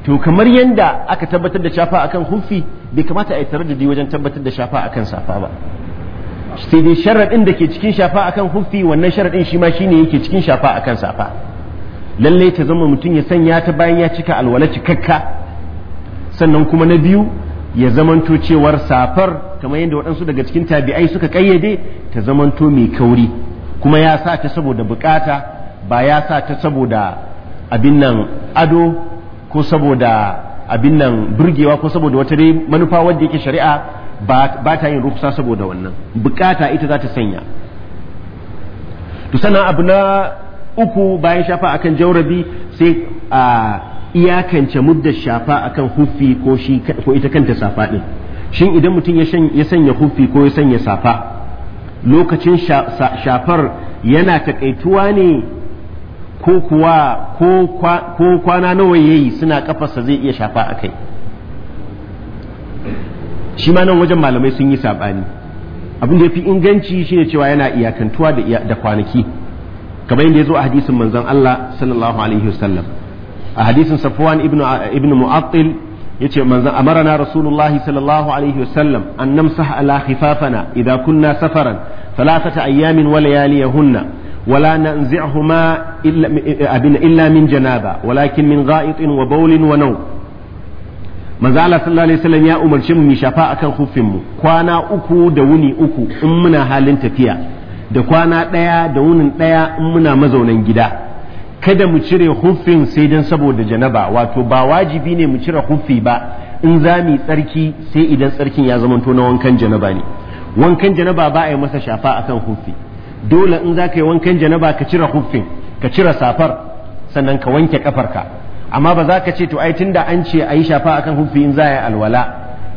to kamar yadda aka tabbatar da shafa akan hufi bai kamata a yi taraddadi wajen tabbatar da shafa akan safa ba sai dai sharaɗin da ke cikin shafa akan hufi wannan sharaɗin shi ma shine yake cikin shafa akan safa lallai ta zama mutum ya sanya ta bayan ya cika alwala cikakka sannan kuma na biyu ya zamanto cewar safar kamar yadda waɗansu daga cikin tabi'ai suka kayyade ta zamanto mai kauri kuma ya sa ta saboda bukata ba ya sa ta saboda abin nan ado ko saboda abin nan burgewa ko saboda wata dai manufa wadda yake shari'a ba ta yin rufsa saboda wannan bukata ita za ta sanya to abu na uku bayan shafa akan jaurabi sai a iyakance mudda shafa akan huffi ko ita kanta safa ɗin shin idan mutum ya sanya huffi ko ya sanya safa lokacin shafar yana takaituwa ne ko kuwa ko kwana nawa yayi suna kafarsa zai iya shafa a kai shi ma nan wajen malamai sun yi saɓani abin da ya fi inganci shi ne cewa yana iyakantuwa da kwanaki kamar yadda ya zo a hadisin manzon Allah sallallahu alaihi wasallam a hadisin Safuwan ibn ibn Mu'attil yace manzon amarana rasulullahi sallallahu alaihi wasallam an namsah ala khifafana idza kunna safaran thalathata ayamin wa layaliyahunna ولا ننزعهما janaba من جنابة ولكن من غائط وبول ونوم manzo Allah sallallahu alaihi wasallam ya umarci mu shafa akan huffin mu kwana uku da wuni uku in muna halin tafiya da kwana ɗaya da wunin ɗaya in muna mazaunan gida kada mu cire huffin sai dan saboda janaba wato ba wajibi ne mu cire huffi ba in za mu tsarki sai idan tsarkin ya zamanto na wankan janaba ne wankan janaba ba a yi masa shafa akan huffi dole in za ka yi wankan janaba ka cire huffin ka cire safar sannan ka wanke kafarka amma ba za ka ce to ai tunda an ce a yi shafa akan huffi in za a yi alwala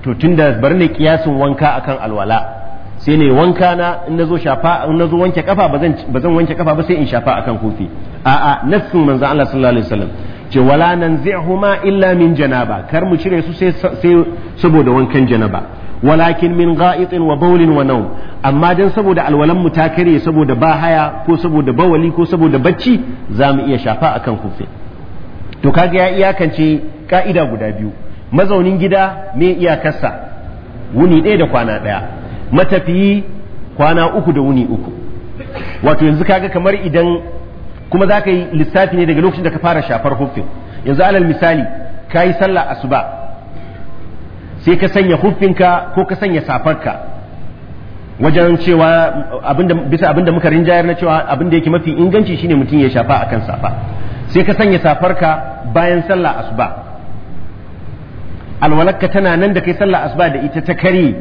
to tunda bar ne kiyasin wanka akan alwala sai ne wanka na in nazo shafa in nazo wanke kafa bazan zan wanke kafa ba sai in shafa akan kofi a'a nassin manzo Allah sallallahu alaihi wasallam ce wala nanzi'huma illa min janaba kar mu cire su sai saboda wankan janaba walakin min gha'itin wa bawlin wa nawm amma dan saboda alwalan mu ta kare saboda bahaya ko saboda bawali ko saboda bacci za mu iya shafa akan kofi to kaga ya iyakance ka'ida guda biyu mazaunin gida me iyakarsa wuni ɗaya da kwana ɗaya matafiyi kwana uku da wuni uku wato yanzu kaga kamar idan kuma za ka yi lissafi ne daga lokacin da ka fara shafar hufin yanzu alal misali ka yi sallah asuba sai ka sanya hufinka ko ka sanya safarka wajen cewa bisa abinda muka rinjayar na cewa abinda yake mafi inganci shine mutum ya shafa akan safa sai ka sanya safarka bayan sallah asuba alwalakka tana nan da kai sallah asuba da ita ta kare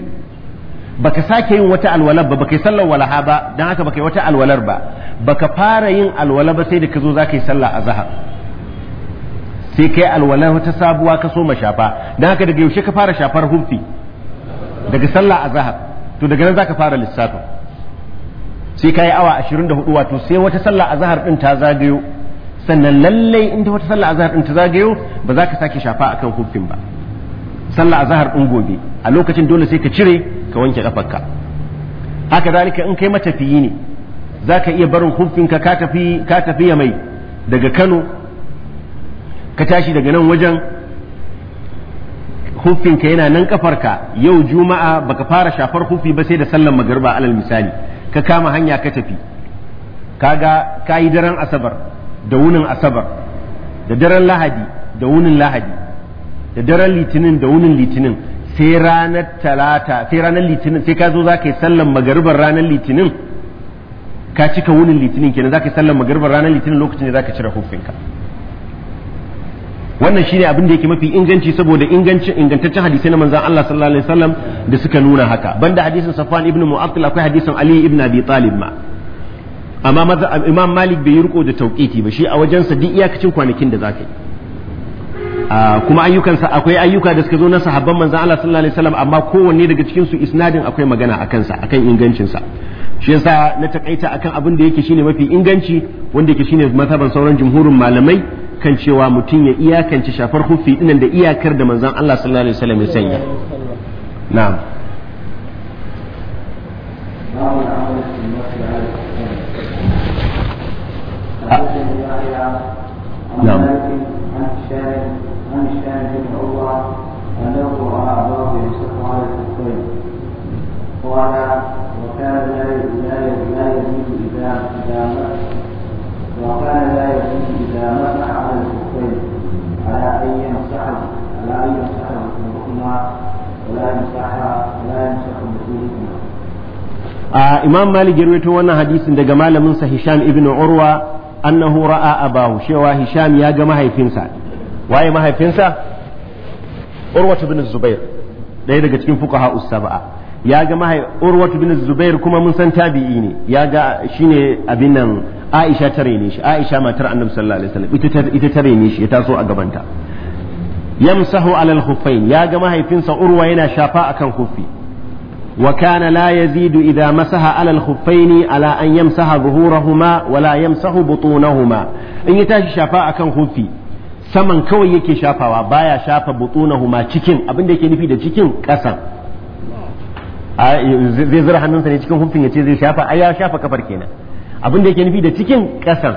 baka sake yin wata alwalar ba baka yi sallar walaha ba don haka baka yi wata alwalar ba baka fara yin alwala ba sai da ka zo za ka yi sallah a zahar sai kai alwalar wata sabuwa ka ma shafa don haka daga yaushe ka fara shafar hufi daga sallah a zahar to daga nan za ka fara lissafin sai ka yi awa hudu wato sai wata sallah a zahar din ta zagayo sannan lallai in ta wata sallah zahar din ta zagayo ba za ka sake shafa akan hufin ba sallah zahar din gobe a lokacin dole sai ka cire ka wanke kafarka haka zalika in kai matafiyi ne za ka iya barin hufinka ka tafi ka mai daga Kano ka tashi daga nan wajen hufinka yana nan kafarka yau juma'a baka fara shafar hufi ba sai da sallan magarba alal misali ka kama hanya ka tafi kaga ka yi daren asabar da wunin asabar da daren lahadi da wunin lahadi da daren litinin da wunin litinin sai ranar talata sai ranar litinin sai ka zo za ka yi sallan magaribar ranar litinin ka cika wunin litinin kenan za ka yi sallan magaribar ranar litinin lokacin da za ka cire hufinka wannan shine abin da yake mafi inganci saboda ingancin ingantaccen hadisai na manzon Allah sallallahu alaihi wasallam da suka nuna haka banda hadisin Safwan ibn Mu'attal akwai hadisin Ali ibn Abi Talib ma amma Imam Malik bai yi riko da tauqiti ba shi a wajensa duk iyakacin kwanakin da zaka yi Ah, kuma ayyukansa akwai ayyuka da suka zo na sahabban manzon Allah sallallahu alaihi wasallam amma kowanne daga cikin su isnadin akwai magana akan sa akan ingancin sa shi yasa na takaita akan abin da yake shine mafi inganci wanda yake shine mazhaban sauran jumhurin malamai kan cewa mutum ya iyakance shafar huffi dinan da iyakar da manzon Allah sallallahu alaihi wasallam ya sanya na'am نعم ah. على إمام مالك يروي وانا حديث جمال من هشام ابن عروة أنه رأى أباه شوى هشام يا جماعة فينسان waye mahaifinsa urwatu bin zubair ɗaya daga cikin fuqaha sab'a ya ga mahai urwatu bin zubair kuma mun san tabi'i ne ya ga shine abin nan aisha tare ne shi aisha matar annabi sallallahu alaihi wasallam ita tare ne shi ya taso a gabanta yamsahu alal khuffain ya ga mahaifinsa urwa yana shafa akan khuffi wa kana la yazidu idha masaha alal khuffaini ala an yamsaha zuhurahuma wala yamsahu butunahuma in ya tashi shafa akan khuffi saman kawai yake shafawa baya shafa butunahuma cikin abin da yake nufi da cikin kasan. zai zira hannunsa ne cikin humfin ya ce zai shafa ai ya shafa kafar kenan abin da yake nufi da cikin ƙasan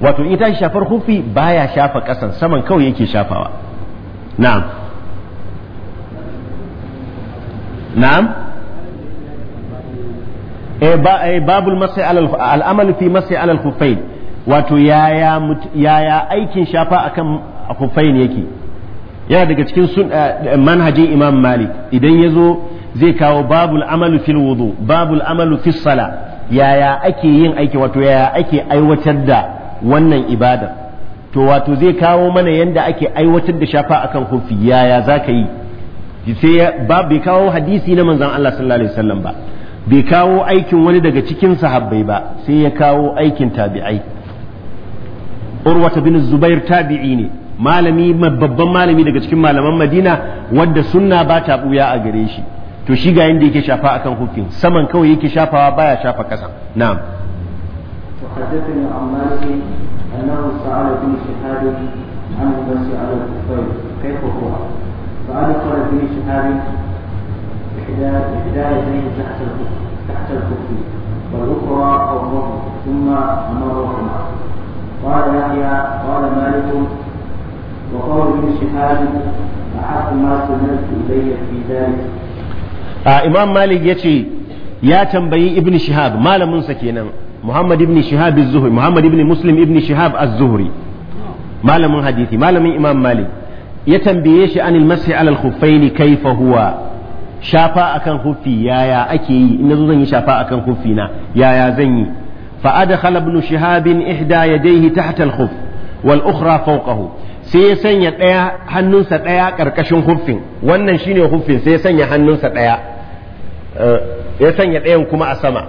wato in tashi shafar hufi baya shafa ƙasan saman kawai yake shafawa na'am na'am eh, eh babul masai alal amal fi masai alal khuffain wato yaya aikin shafa akan akufain yake yana daga cikin eh, eh, manhajin imam malik idan ya zo zai kawo babul amalu fil wudu babul amalu fil sala yaya ake yin aiki wato yaya ake aiwatar da wannan ibadar to wato zai kawo mana yadda ake aiwatar da shafa akan hufi yaya za ka yi sai ba bai kawo hadisi na manzon Allah sallallahu alaihi wasallam ba bai kawo aikin wani daga cikin sahabbai ba sai ya kawo aikin tabi'ai urwata bin zubair tabi'i ne malami babban malami daga cikin malaman madina wadda sunna ba ta buya a gare shi to shi ga yanda yake shafa akan hufin saman kawai yake shafawa baya shafa kasa na'am وحدثني عن مالك انه سال بن شهاب عن البس على الكفين كيف هو؟ فادخل بن شهاب احدى احدى يديه تحت الكف تحت الكف والاخرى فوقه ثم امرهما قال يحيى قال مالك وقول ابن شهاب أحق ما سمعت إلي في ذلك Imam Malik ya ce ya tambayi Ibn Shihab malaminsa kenan Muhammad Ibn Shihab az Muhammad Ibn Muslim Ibn Shihab az-Zuhri malamin hadisi malamin Imam Malik ya tambaye shi anil masih alal khuffaini kaifa huwa shafa akan khuffi yaya ake yi in nazo zan yi shafa akan khuffi na yaya zan yi فأدخل ابن شهاب إحدى يديه تحت الخف والأخرى فوقه sai ya sanya ɗaya hannunsa ɗaya ƙarƙashin huffin wannan shine huffin sai ya sanya hannunsa ɗaya ya sanya ɗayan kuma a sama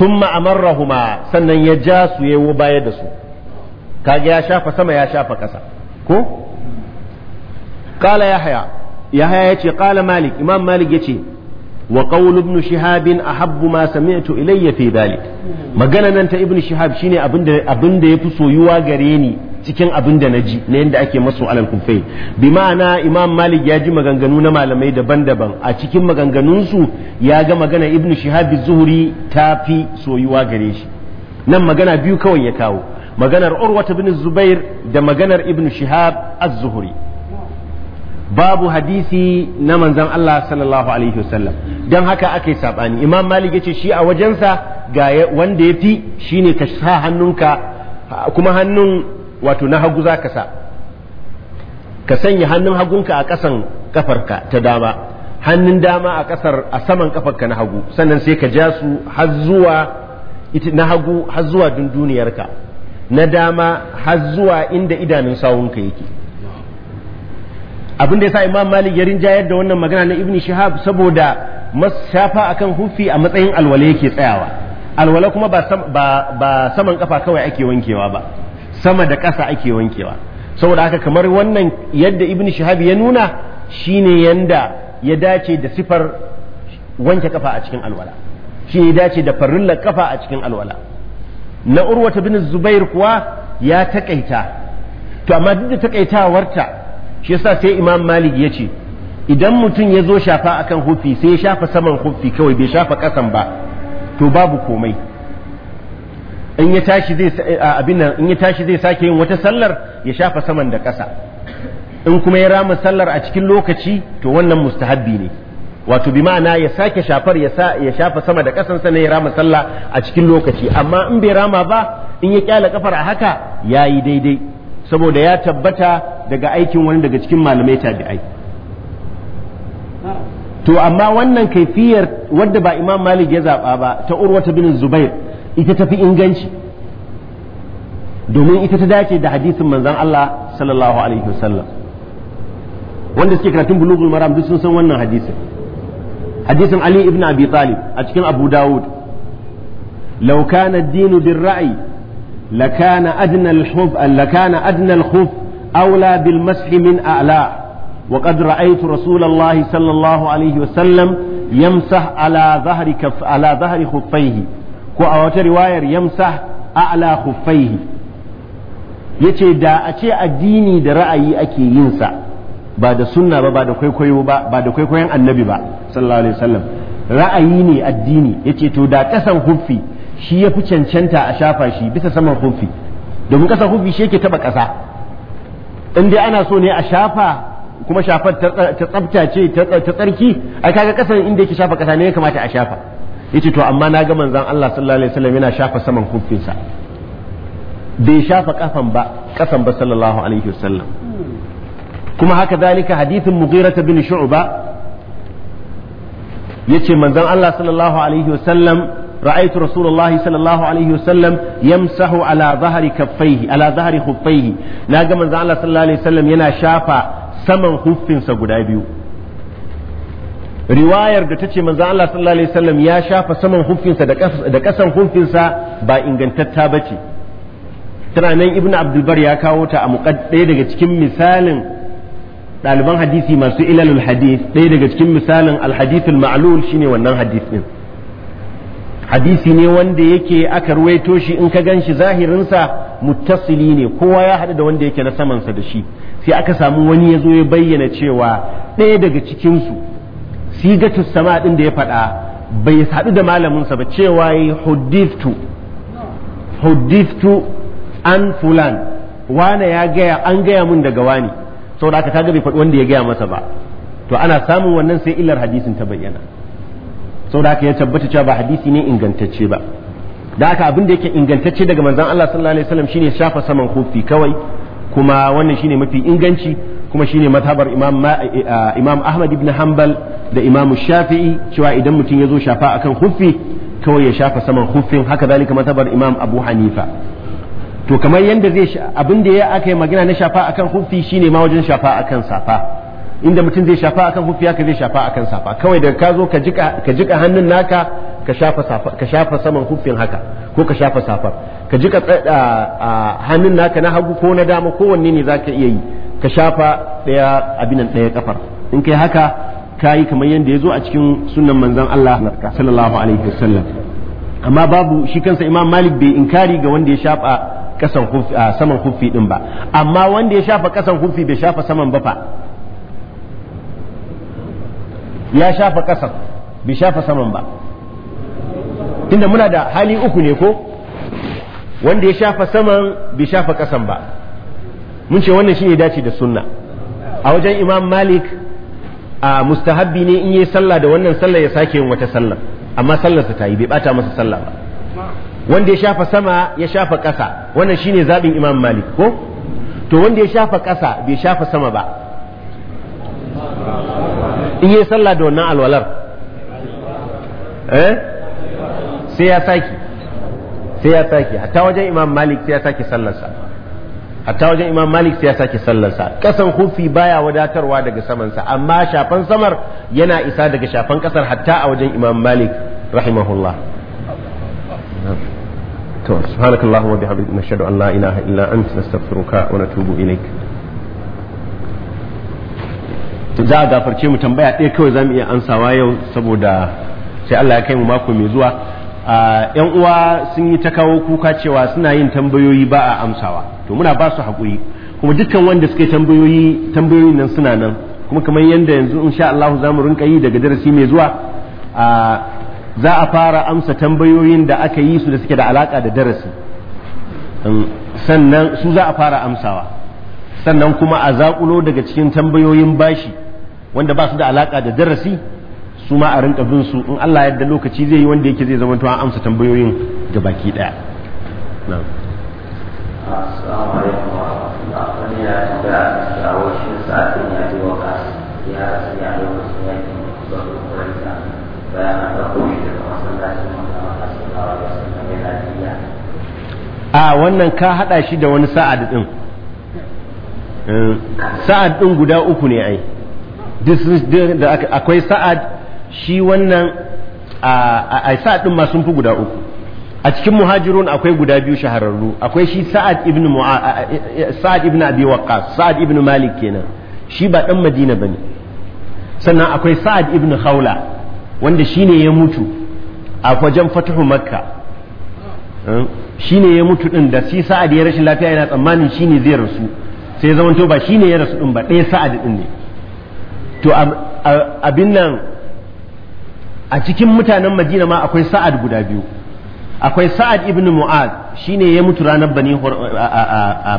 sun ma'amarrahuma sannan ya ja su ya baya da su kaga ya shafa sama ya shafa ƙasa ko ya ce kala malik imam malik ya ce wa qawl ibn shihab habbu ma sami'tu ilayya fi dhalik magana nan ta ibn shihab shine abinda abinda yafi soyuwa gare ni cikin abinda da naji na yadda ake masu alal kufai bi ma'ana imam malik ya ji maganganu na malamai daban-daban a cikin maganganunsu ya ga magana ibn shihab zuhuri ta fi soyuwa gare shi nan magana biyu kawai ya kawo maganar urwat ibn zubair da maganar ibn shihab az-zuhri babu hadisi na manzan Allah sallallahu alaihi wasallam dan haka ake sabani imam malik yace shi a wajensa ga wanda ya yafi shine ka sa hannunka kuma hannun wato na hagu zaka sa ka sanya hannun hagunka a ƙasan kafarka ta dama hannun dama a ƙasar a saman kafarka na hagu sannan sai ka ja su har zuwa na hagu har zuwa dunduniyarka na dama har zuwa inda idanun sawunka yake abin da yasa imam malik ya rinjayar da wannan magana na ibn shihab saboda shafa akan hufi a matsayin alwala yake tsayawa alwala kuma ba ba saman kafa kawai ake wankewa ba sama da ƙasa ake wankewa saboda haka kamar wannan yadda ibni shihab ya nuna shine yanda ya dace da sifar wanke kafa a cikin alwala shi ya dace da farillar kafa a cikin alwala na urwata bin zubair kuwa ya takaita to amma duk da takaitawarta shi yasa sai imam malik ya ce idan mutum ya zo shafa akan hufi sai ya shafa saman hufi kawai bai shafa kasan ba to babu komai in ya tashi zai abin nan in ya tashi zai sake yin wata sallar ya shafa saman da kasa in kuma ya rama sallar a cikin lokaci to wannan mustahabbi ne wato bi ma'ana ya sake shafar ya sa shafa sama da kasan sana ya rama sallah a cikin lokaci amma in bai rama ba in ya kyala kafar a haka yayi daidai saboda ya tabbata daga aikin wani daga cikin malamai tabi'ai to amma wannan kaifiyar wadda ba imam malik ya zaɓa ba ta urwata bin zubair ita tafi inganci domin ita ta dace da hadisin manzan Allah sallallahu alaihi wasallam wanda suke karatun bulughul maram duk sun san wannan hadisin hadisin Ali ibn Abi Talib a cikin Abu Dawud law kana ad bin bir لكان أدنى الخوف لكان أدنى الخوف أولى بالمسح من أعلاه وقد رأيت رسول الله صلى الله عليه وسلم يمسح على ظهر كف على ظهر خفيه ko a wata riwayar yamsa a'la yace da a ce addini da ra'ayi ake yin sa ba da sunna ba ba da kwaikwayo ba ba da kwaikwayon annabi ba sallallahu alaihi wasallam ra'ayi ne addini yace to da kasan huffi shi ya fi cancanta a shafa shi bisa saman hufi domin kasa hufi shi yake taɓa ƙasa in dai ana so ne a shafa kuma shafar ta tsafta ce ta tsarki a kaga ƙasar inda yake shafa ƙasa ne ya kamata a shafa yace to amma na ga manzon Allah sallallahu alaihi wasallam yana shafa saman hufinsa bai shafa kafan ba ƙasan ba sallallahu alaihi wasallam kuma haka zalika hadithin mughirah bin shu'ba yace manzon Allah sallallahu alaihi wasallam رأيت رسول الله صلى الله عليه وسلم يمسح على ظهر كفيه على ظهر خفيه ناجا من الله صلى الله عليه وسلم ينا شافا سمن خف سغدا riwayar da ta ce manzo Allah sallallahu alaihi wasallam ya shafa saman hufinsa da kasan hufinsa ba ingantatta ba ce tana nan ibnu abdulbar ya kawo ta a ɗaya daga cikin misalin daliban hadisi masu ilalul hadith ɗaya daga cikin misalin alhadithul ma'lul shine wannan hadith din hadisi ne wanda yake aka ruwaito shi in ka gan shi zahirinsa muttasili ne kowa ya haɗu da wanda yake na samansa da shi sai aka samu wani ya zo ya bayyana cewa ɗaya daga cikinsu sigatus sama ɗin da ya faɗa bai haɗu da malaminsa ba cewa yi huddiftu huddiftu an fulan wane ya gaya an gaya mun daga wani saboda aka kaga bai faɗi wanda ya gaya masa ba to ana samun wannan sai illar hadisin ta bayyana saboda haka ya tabbata cewa ba hadisi ne ingantacce ba da haka abin da yake ingantacce daga manzon Allah sallallahu alaihi wasallam shine shafa saman kofi kawai kuma wannan shine mafi inganci kuma shine mazhabar imam eh, eh, ah, imam Ahmad ibn Hanbal da imam Shafi'i cewa idan mutum ya zo shafa akan kofi kawai ya shafa saman kofin haka zalika mazhabar imam Abu Hanifa to kamar yanda zai abin da ya aka yi magana na shafa akan kofi shine ma wajen shafa akan safa inda mutum zai shafa akan hufiya ka zai shafa akan safa kawai daga ka zo ka jika hannun naka ka shafa saman hufin haka ko ka shafa safar ka jika hannun naka na hagu ko na dama ko wanne ne za ka iya yi ka shafa daya abinan daya kafar in kai haka ka yi kamar yadda ya zo a cikin sunan manzon Allah sallallahu alaihi wasallam amma babu shi kansa imam malik bai inkari ga wanda ya shafa kasan saman hufi din ba amma wanda ya shafa kasan hufi bai shafa saman ba fa ya shafa ƙasar bai shafa saman ba tunda muna da hali uku ne ko wanda ya shafa saman bai shafa ƙasan ba mun ce wannan shi ne dace da sunna a wajen imam malik a mustahabbi ne in yi sallah da wannan sallah ya sake yin wata sallah amma sallarsa ta yi bai bata masa sallah ba wanda ya shafa sama ya shafa ƙasa wannan shine zaɓin imam malik ko to wanda ya shafa ƙasa bai shafa sama ba in yi sallah da wannan alwalar eh sai ya saki sai ya saki hatta wajen imam malik sai ya saki sallarsa hatta wajen imam malik sai ya saki sallarsa kasan hufi baya wadatarwa daga samansa amma shafan samar yana isa daga shafan kasar hatta a wajen imam malik rahimahullah to subhanakallahumma bihamdika nashhadu an la ilaha illa anta nastaghfiruka wa natubu ilaik za a gafarce mu tambaya ɗaya kawai za mu iya ansawa yau saboda sai Allah ya kai mu mako mai zuwa yan uwa sun yi ta kawo kuka cewa suna yin tambayoyi ba a amsawa to muna ba su haƙuri kuma dukkan wanda suka tambayoyi tambayoyin nan suna nan kuma kamar yadda yanzu insha Allah za mu rinka yi daga darasi mai zuwa za a fara amsa tambayoyin da aka yi su da suke da alaka da darasi sannan su za a fara amsawa sannan kuma a zaƙulo daga cikin tambayoyin bashi wanda ba su da alaka da darasi su ma a rinka bin su in Allah yadda lokaci zai yi wanda yake zai zama an amsa tambayoyin ga baki daya na'am assalamu alaikum wa rahmatullah wani ya tambaya a wasu sa'adin ya ji wa kasu ya rasu ya yi wasu yakin zuwa kuranta bayan an ɗauko shi daga masallacin mazama kasu na wa sallam ya lafiya a wannan ka haɗa shi da wani sa'ad din. Eh, sa'ad din guda uku ne ai da akwai sa'ad shi wannan a sa'ad din ma sun fi guda uku a cikin muhajirun akwai guda biyu shahararru akwai shi sa'ad ibn sa'ad ibn abi waqqas sa'ad ibn malik kenan shi ba dan madina bane sannan akwai sa'ad ibn khawla wanda shine ya mutu a wajen fatuhu makka hmm? shine ya mutu din da shi sa'ad ya rashin lafiya yana tsammanin shine zai rasu sai to ba shine ya rasu din ba ɗaya sa'ad din ne to abin nan a cikin mutanen madina ma akwai sa'ad guda biyu akwai sa'ad ibn mu'ad shine ya mutu ranar bani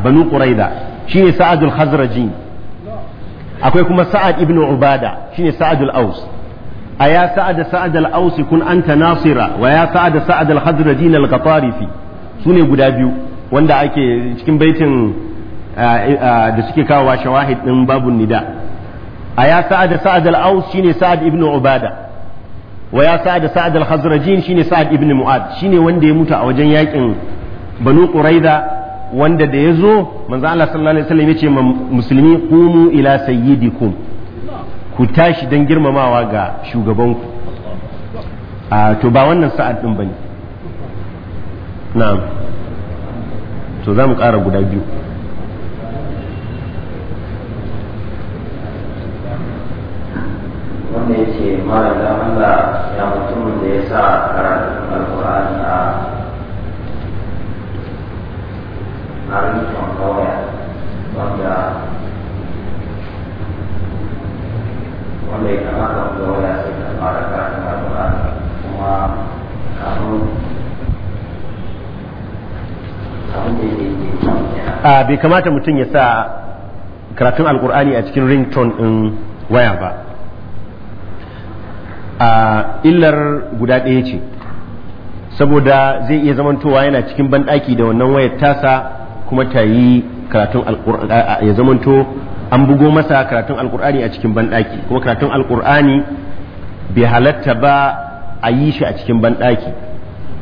banu quraida shine sa'adul khazraji akwai kuma sa'ad ibn ubada shine sa'adul aus a ya sa'ad sa'ad al-aus kun anta nasira wa ya sa'ad sa'ad al-khazraji al-qatarifi sune guda biyu wanda ake cikin baitin da suke kawo shawahid din babun nida' a ya sa'ad sa'ad al-aus shine sa'ad ibn ubada wa ya sa'ad sa'ad al-khazrajin shine sa'ad ibn mu'ad shine wanda ya mutu a wajen yakin banu quraiza wanda da yazo manzo Allah sallallahu alaihi wasallam yace musulmi qumu ila sayyidikum ku tashi dan girmamawa ga shugabanku a to ba wannan sa'ad din bane na'am to za mu ƙara guda biyu wanda ya ce mara da Allah ya mutumin da ya sa karatun alkur'ani a a kawai wanda wanda ya kamata wanda wanda sai ka mara karatun alkur'ani kuma kafin kafin da ya ke bai kamata mutum ya sa karatun alkur'ani a cikin ringtone din waya ba a illar guda ɗaya ce saboda zai iya zamantowa yana cikin banɗaki da wannan wayar tasa kuma ta yi karatun alƙur'ani ya zamanto an bugo masa karatun alƙur'ani a cikin banɗaki kuma karatun alƙur'ani bai halatta ba a yi shi a cikin banɗaki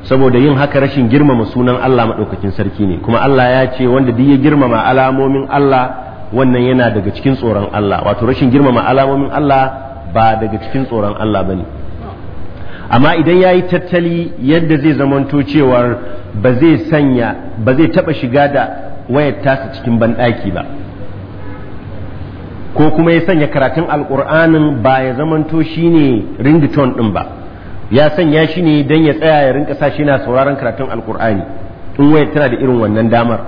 saboda yin haka rashin girmama sunan Allah maɗaukakin sarki ne kuma Allah ya ce wanda duk ya girmama alamomin Allah wannan yana daga cikin tsoron Allah wato rashin girmama alamomin Allah ba daga cikin tsoron Allah ne amma idan ya yi tattali yadda zai zamanto cewar ba zai sanya ba zai taɓa shiga da wayar tasa cikin banɗaki ba ko kuma ya sanya karatun alƙur'anin ba ya zamanto shi ne ringtone ɗin ba ya sanya shi ne don ya tsaya ya rinka sashi na sauraron karatun alƙur'ani in wayar tana da irin wannan damar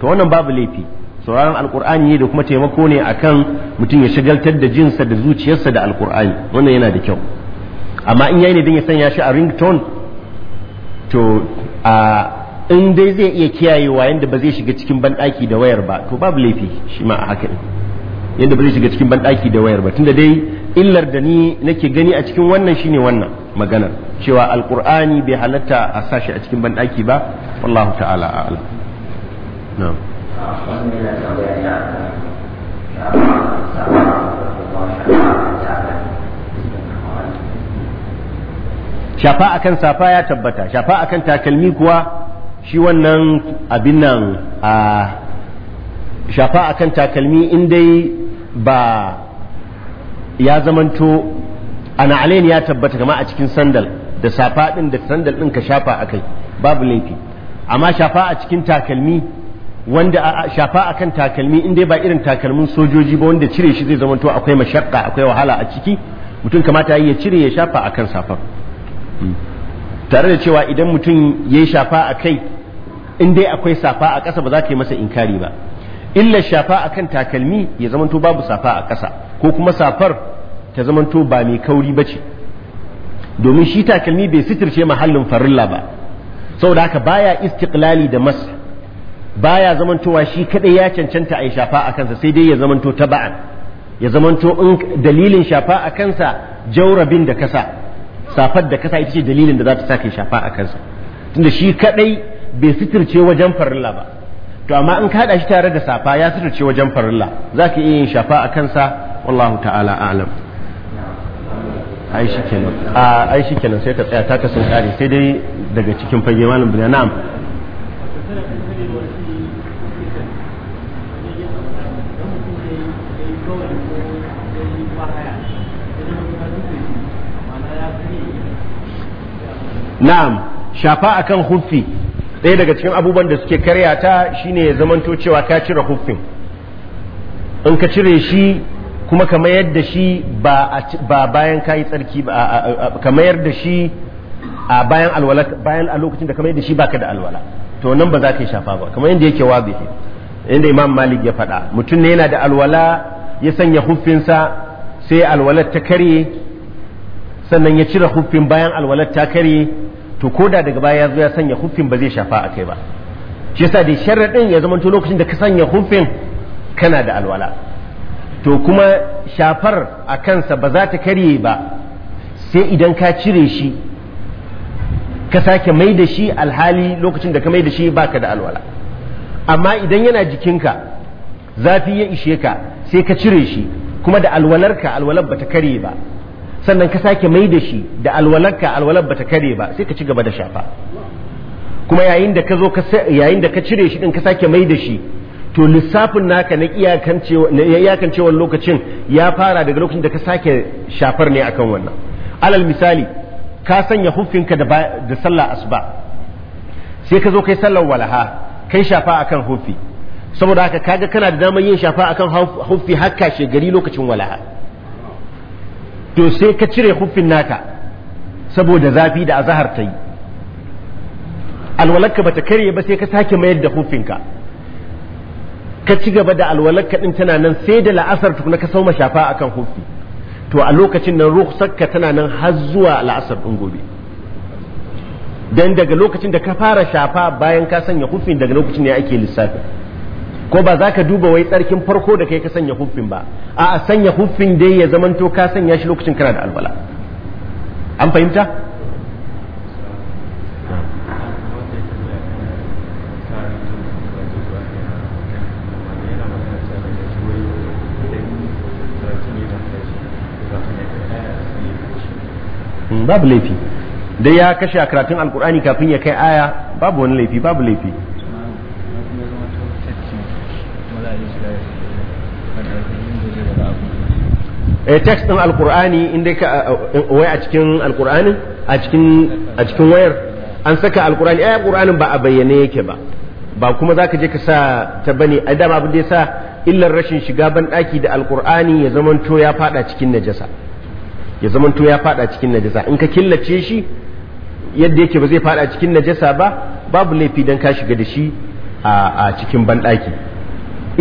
to wannan babu laifi sauraron alkur'ani ne da kuma taimako ne a kan mutum ya shagaltar da jinsa da zuciyarsa da alkur'ani wannan yana da kyau amma in yayi ne don ya sanya shi a ringtone to a in dai zai iya kiyayewa yadda ba zai shiga cikin banɗaki da wayar ba to babu laifi shi ma a haka ne yadda ba zai shiga cikin banɗaki da wayar ba tunda dai illar da ni nake gani a cikin wannan shine wannan maganar cewa alkur'ani bai halatta a sashi a cikin banɗaki ba wallahu ta'ala a'lam a kan shafa shafa akan safa ya tabbata shafa akan takalmi kuwa shi wannan abin nan a shafa akan takalmi in dai ba ya zamanto ana alaini ya tabbata kama a cikin sandal da safa din da sandal din ka shafa akai babu laifi amma shafa a cikin takalmi wanda a shafa akan takalmi in dai ba irin takalmin sojoji ba wanda cire shi zai zama to akwai mashakka akwai wahala a ciki mutum kamata ya cire ya shafa akan safar hmm. tare da cewa idan mutum ya shafa a kai in dai akwai safa a ƙasa ba za ka yi masa inkari ba illa shafa akan takalmi ya zamanto babu safa a ƙasa ko kuma safar ta zamanto ba mai kauri ba ce domin shi takalmi bai sitirce mahallin farilla ba saboda haka baya istiklali da masa baya zamantowa shi kadai ya cancanta a yi shafa a kansa sai dai ya zamanto taba'an ya zamanto in dalilin shafa a kansa jaurabin da kasa safar da kasa ita ce dalilin da za ta sake shafa a kansa tunda shi kadai bai suturce wajen farilla ba to amma in kada shi tare da safa ya suturce wajen farilla za ka iya yin shafa a kansa wallahu ta'ala a'lam ai shi kenan ai shi kenan sai ka tsaya ta kasan kare sai dai daga cikin fage malam bin na'am na'am shafa akan huffi ɗaya daga cikin abubuwan da suke karya ta shine ya zamanto cewa ka cire huffin in ka cire shi kuma ka mayar da shi ba bayan ka yi tsarki ba ka mayar da shi a bayan alwala bayan a lokacin da ka mayar da shi baka da alwala to nan ba za ka yi shafa ba kamar yadda yake wazihi inda imam malik ya faɗa mutum ne yana da alwala ya sanya huffinsa sai alwalar ta karye sannan ya cire huffin bayan alwalar ta karye to ko da daga baya ya zo ya sanya hufin ba zai shafa a kai ba shi yasa da sharaɗin ya zama lokacin da ka sanya hufin kana da alwala to kuma shafar a kansa ba za ta karye ba sai idan ka cire shi ka sake mai da shi alhali lokacin da ka mai da shi baka da alwala amma idan yana jikinka zafi ya ishe ka sai ka cire shi kuma da alwalarka alwalar ba ta karye ba sannan ka sake mai da shi da alwalarka alwalar bata kare ba sai ka ci gaba da shafa kuma yayin da ka zo yayin da ka cire shi din ka sake mai da shi to lissafin naka na iyakancewar lokacin ya fara daga lokacin da ka sake shafar ne akan wannan alal misali ka sanya hufinka da da sallah asuba sai ka zo kai sallar walaha kai shafa akan hufi saboda haka kaga kana da damar yin shafa akan hufi hakka shegari gari lokacin walaha to sai ka cire huffin naka saboda zafi da azahar ta yi alwalarka bata karye ba sai ka sake mayar da huffinka ka ci gaba da alwalarka ɗin tana nan sai da la'asar tukuna ka sauma shafa akan hufi to a lokacin nan ruhsarka tana nan har zuwa la'asar ɗin gobe dan daga lokacin da ka fara shafa bayan ka sanya hufin daga lokacin ne ake lissafi ko ba za ka duba wai tsarkin farko da kai ka sanya huffin ba a a sanya huffin dai ya zamanto ka sanya shi lokacin kana da albala an fahimta hmm, babu laifi dai ya kashe a karatun alkur'ani kafin ya kai aya babu wani laifi babu laifi eh text din alqur'ani inda ka eh, eh, wai a cikin alqur'anin a cikin a cikin wayar an saka alqur'ani ai alqur'anin ba a bayyane yake ba ba kuma zaka je ka sa ta bane ai dama abin da yasa illar rashin shiga ban daki da alqur'ani ya zamanto ya fada cikin najasa ya zamanto ya fada cikin najasa in ka killace shi yadda yake ba zai fada cikin najasa ba babu laifi dan ka shiga da shi a cikin ban daki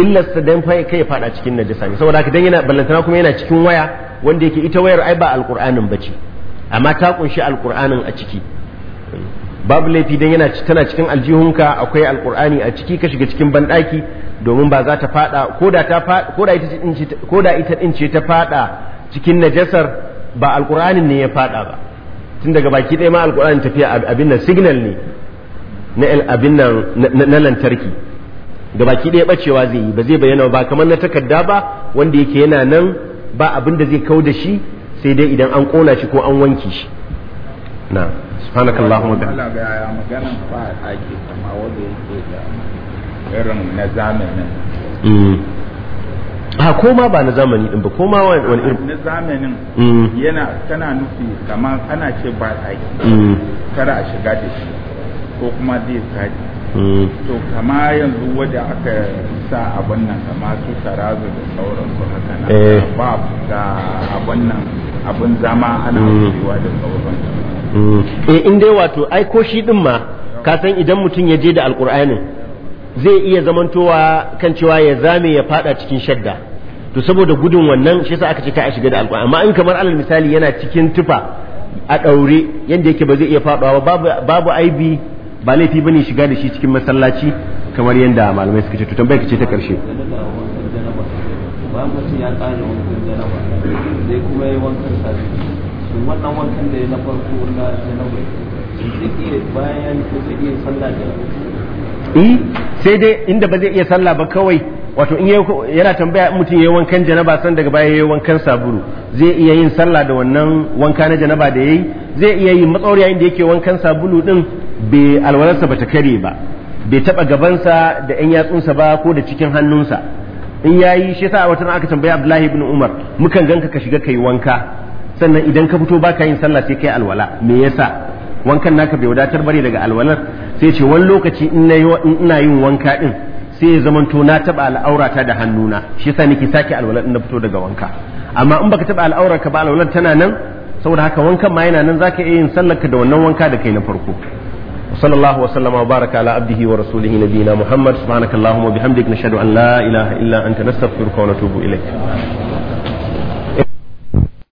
illasta dan fa kai fada cikin najasa ne saboda haka dan yana ballantana kuma yana cikin waya wanda yake ita wayar ai ba alqur'anin bace amma ta kunshi alqur'anin a ciki babu laifi dan yana tana cikin aljihunka akwai alqur'ani a ciki ka shiga cikin bandaki domin ba za ta fada koda ta koda ita din ce koda ita din ce ta fada cikin najasar ba alqur'anin ne ya fada ba tun daga baki ɗaya ma alqur'ani tafiya abin nan signal ne na abin nan na lantarki gabaki ɗaya ɓacewa zai yi ba zai bayyana ba kamar na takarda ba wanda yake yana nan ba abin da zai kau da shi sai dai idan an ƙona shi ko an wanke shi na subhanakallahumma bi Allah ga ya magana ba a ake kama wanda yake da irin na zamanin ha mm. koma ba na zamani din ba koma wani irin na zamanin mm. yana tana nufi kamar ana ce ba a mm. kada a shiga da shi ko kuma zai kaji to kama yanzu wadda aka sa abin nan kama su tarazu da sauransu haka na eh. ba ga abin nan abin zama ana mm. wucewa da sauransu mm. eh in dai wato ai ko shi din ma ka san idan mutum ya je da alkur'anin zai iya zamantowa kan cewa ya zame ya fada cikin shadda to saboda gudun wannan shi yasa aka ce ka a shiga da alkur'ani amma in kamar alal misali yana cikin tufa a ɗaure yadda yake ba zai iya faɗawa babu aibi ba laifi ne shiga da shi cikin masallaci kamar yadda malamai suka ce to tambayar ce ta karshe bayan mutum ya kare wankan janaba sai kuma yi wankan safi su wannan wankan da ya na farko na janaba bayan ko zai iya sallah da eh sai dai inda ba zai iya sallah ba kawai wato in yana tambaya in mutum ya yi wankan janaba san daga baya ya yi wankan sabulu zai iya yin sallah da wannan wanka na janaba da ya yi zai iya yin matsauriya inda yake wankan sabulu din bai alwalarsa ba ta kare ba bai taba gabansa da yan yatsunsa ba ko da cikin hannunsa in yayi shi yasa wata aka tambaya Abdullahi ibn Umar mukan ganka ka shiga kai wanka sannan idan ka fito baka yin sallah sai kai alwala me yasa wankan naka bai wadatar bare daga alwalar sai ce wani lokaci in ina yin wanka din sai ya zamanto na taba al'aurata da hannuna shi yasa nake sake alwalar in na fito daga wanka amma in baka taba al'aurar ka ba alwalar tana nan saboda haka wankan ma yana nan zaka iya yin sallar ka da wannan wanka da kai na farko صلى الله وسلم وبارك على عبده ورسوله نبينا محمد سبحانك اللهم وبحمدك نشهد أن لا إله إلا أنت نستغفرك ونتوب إليك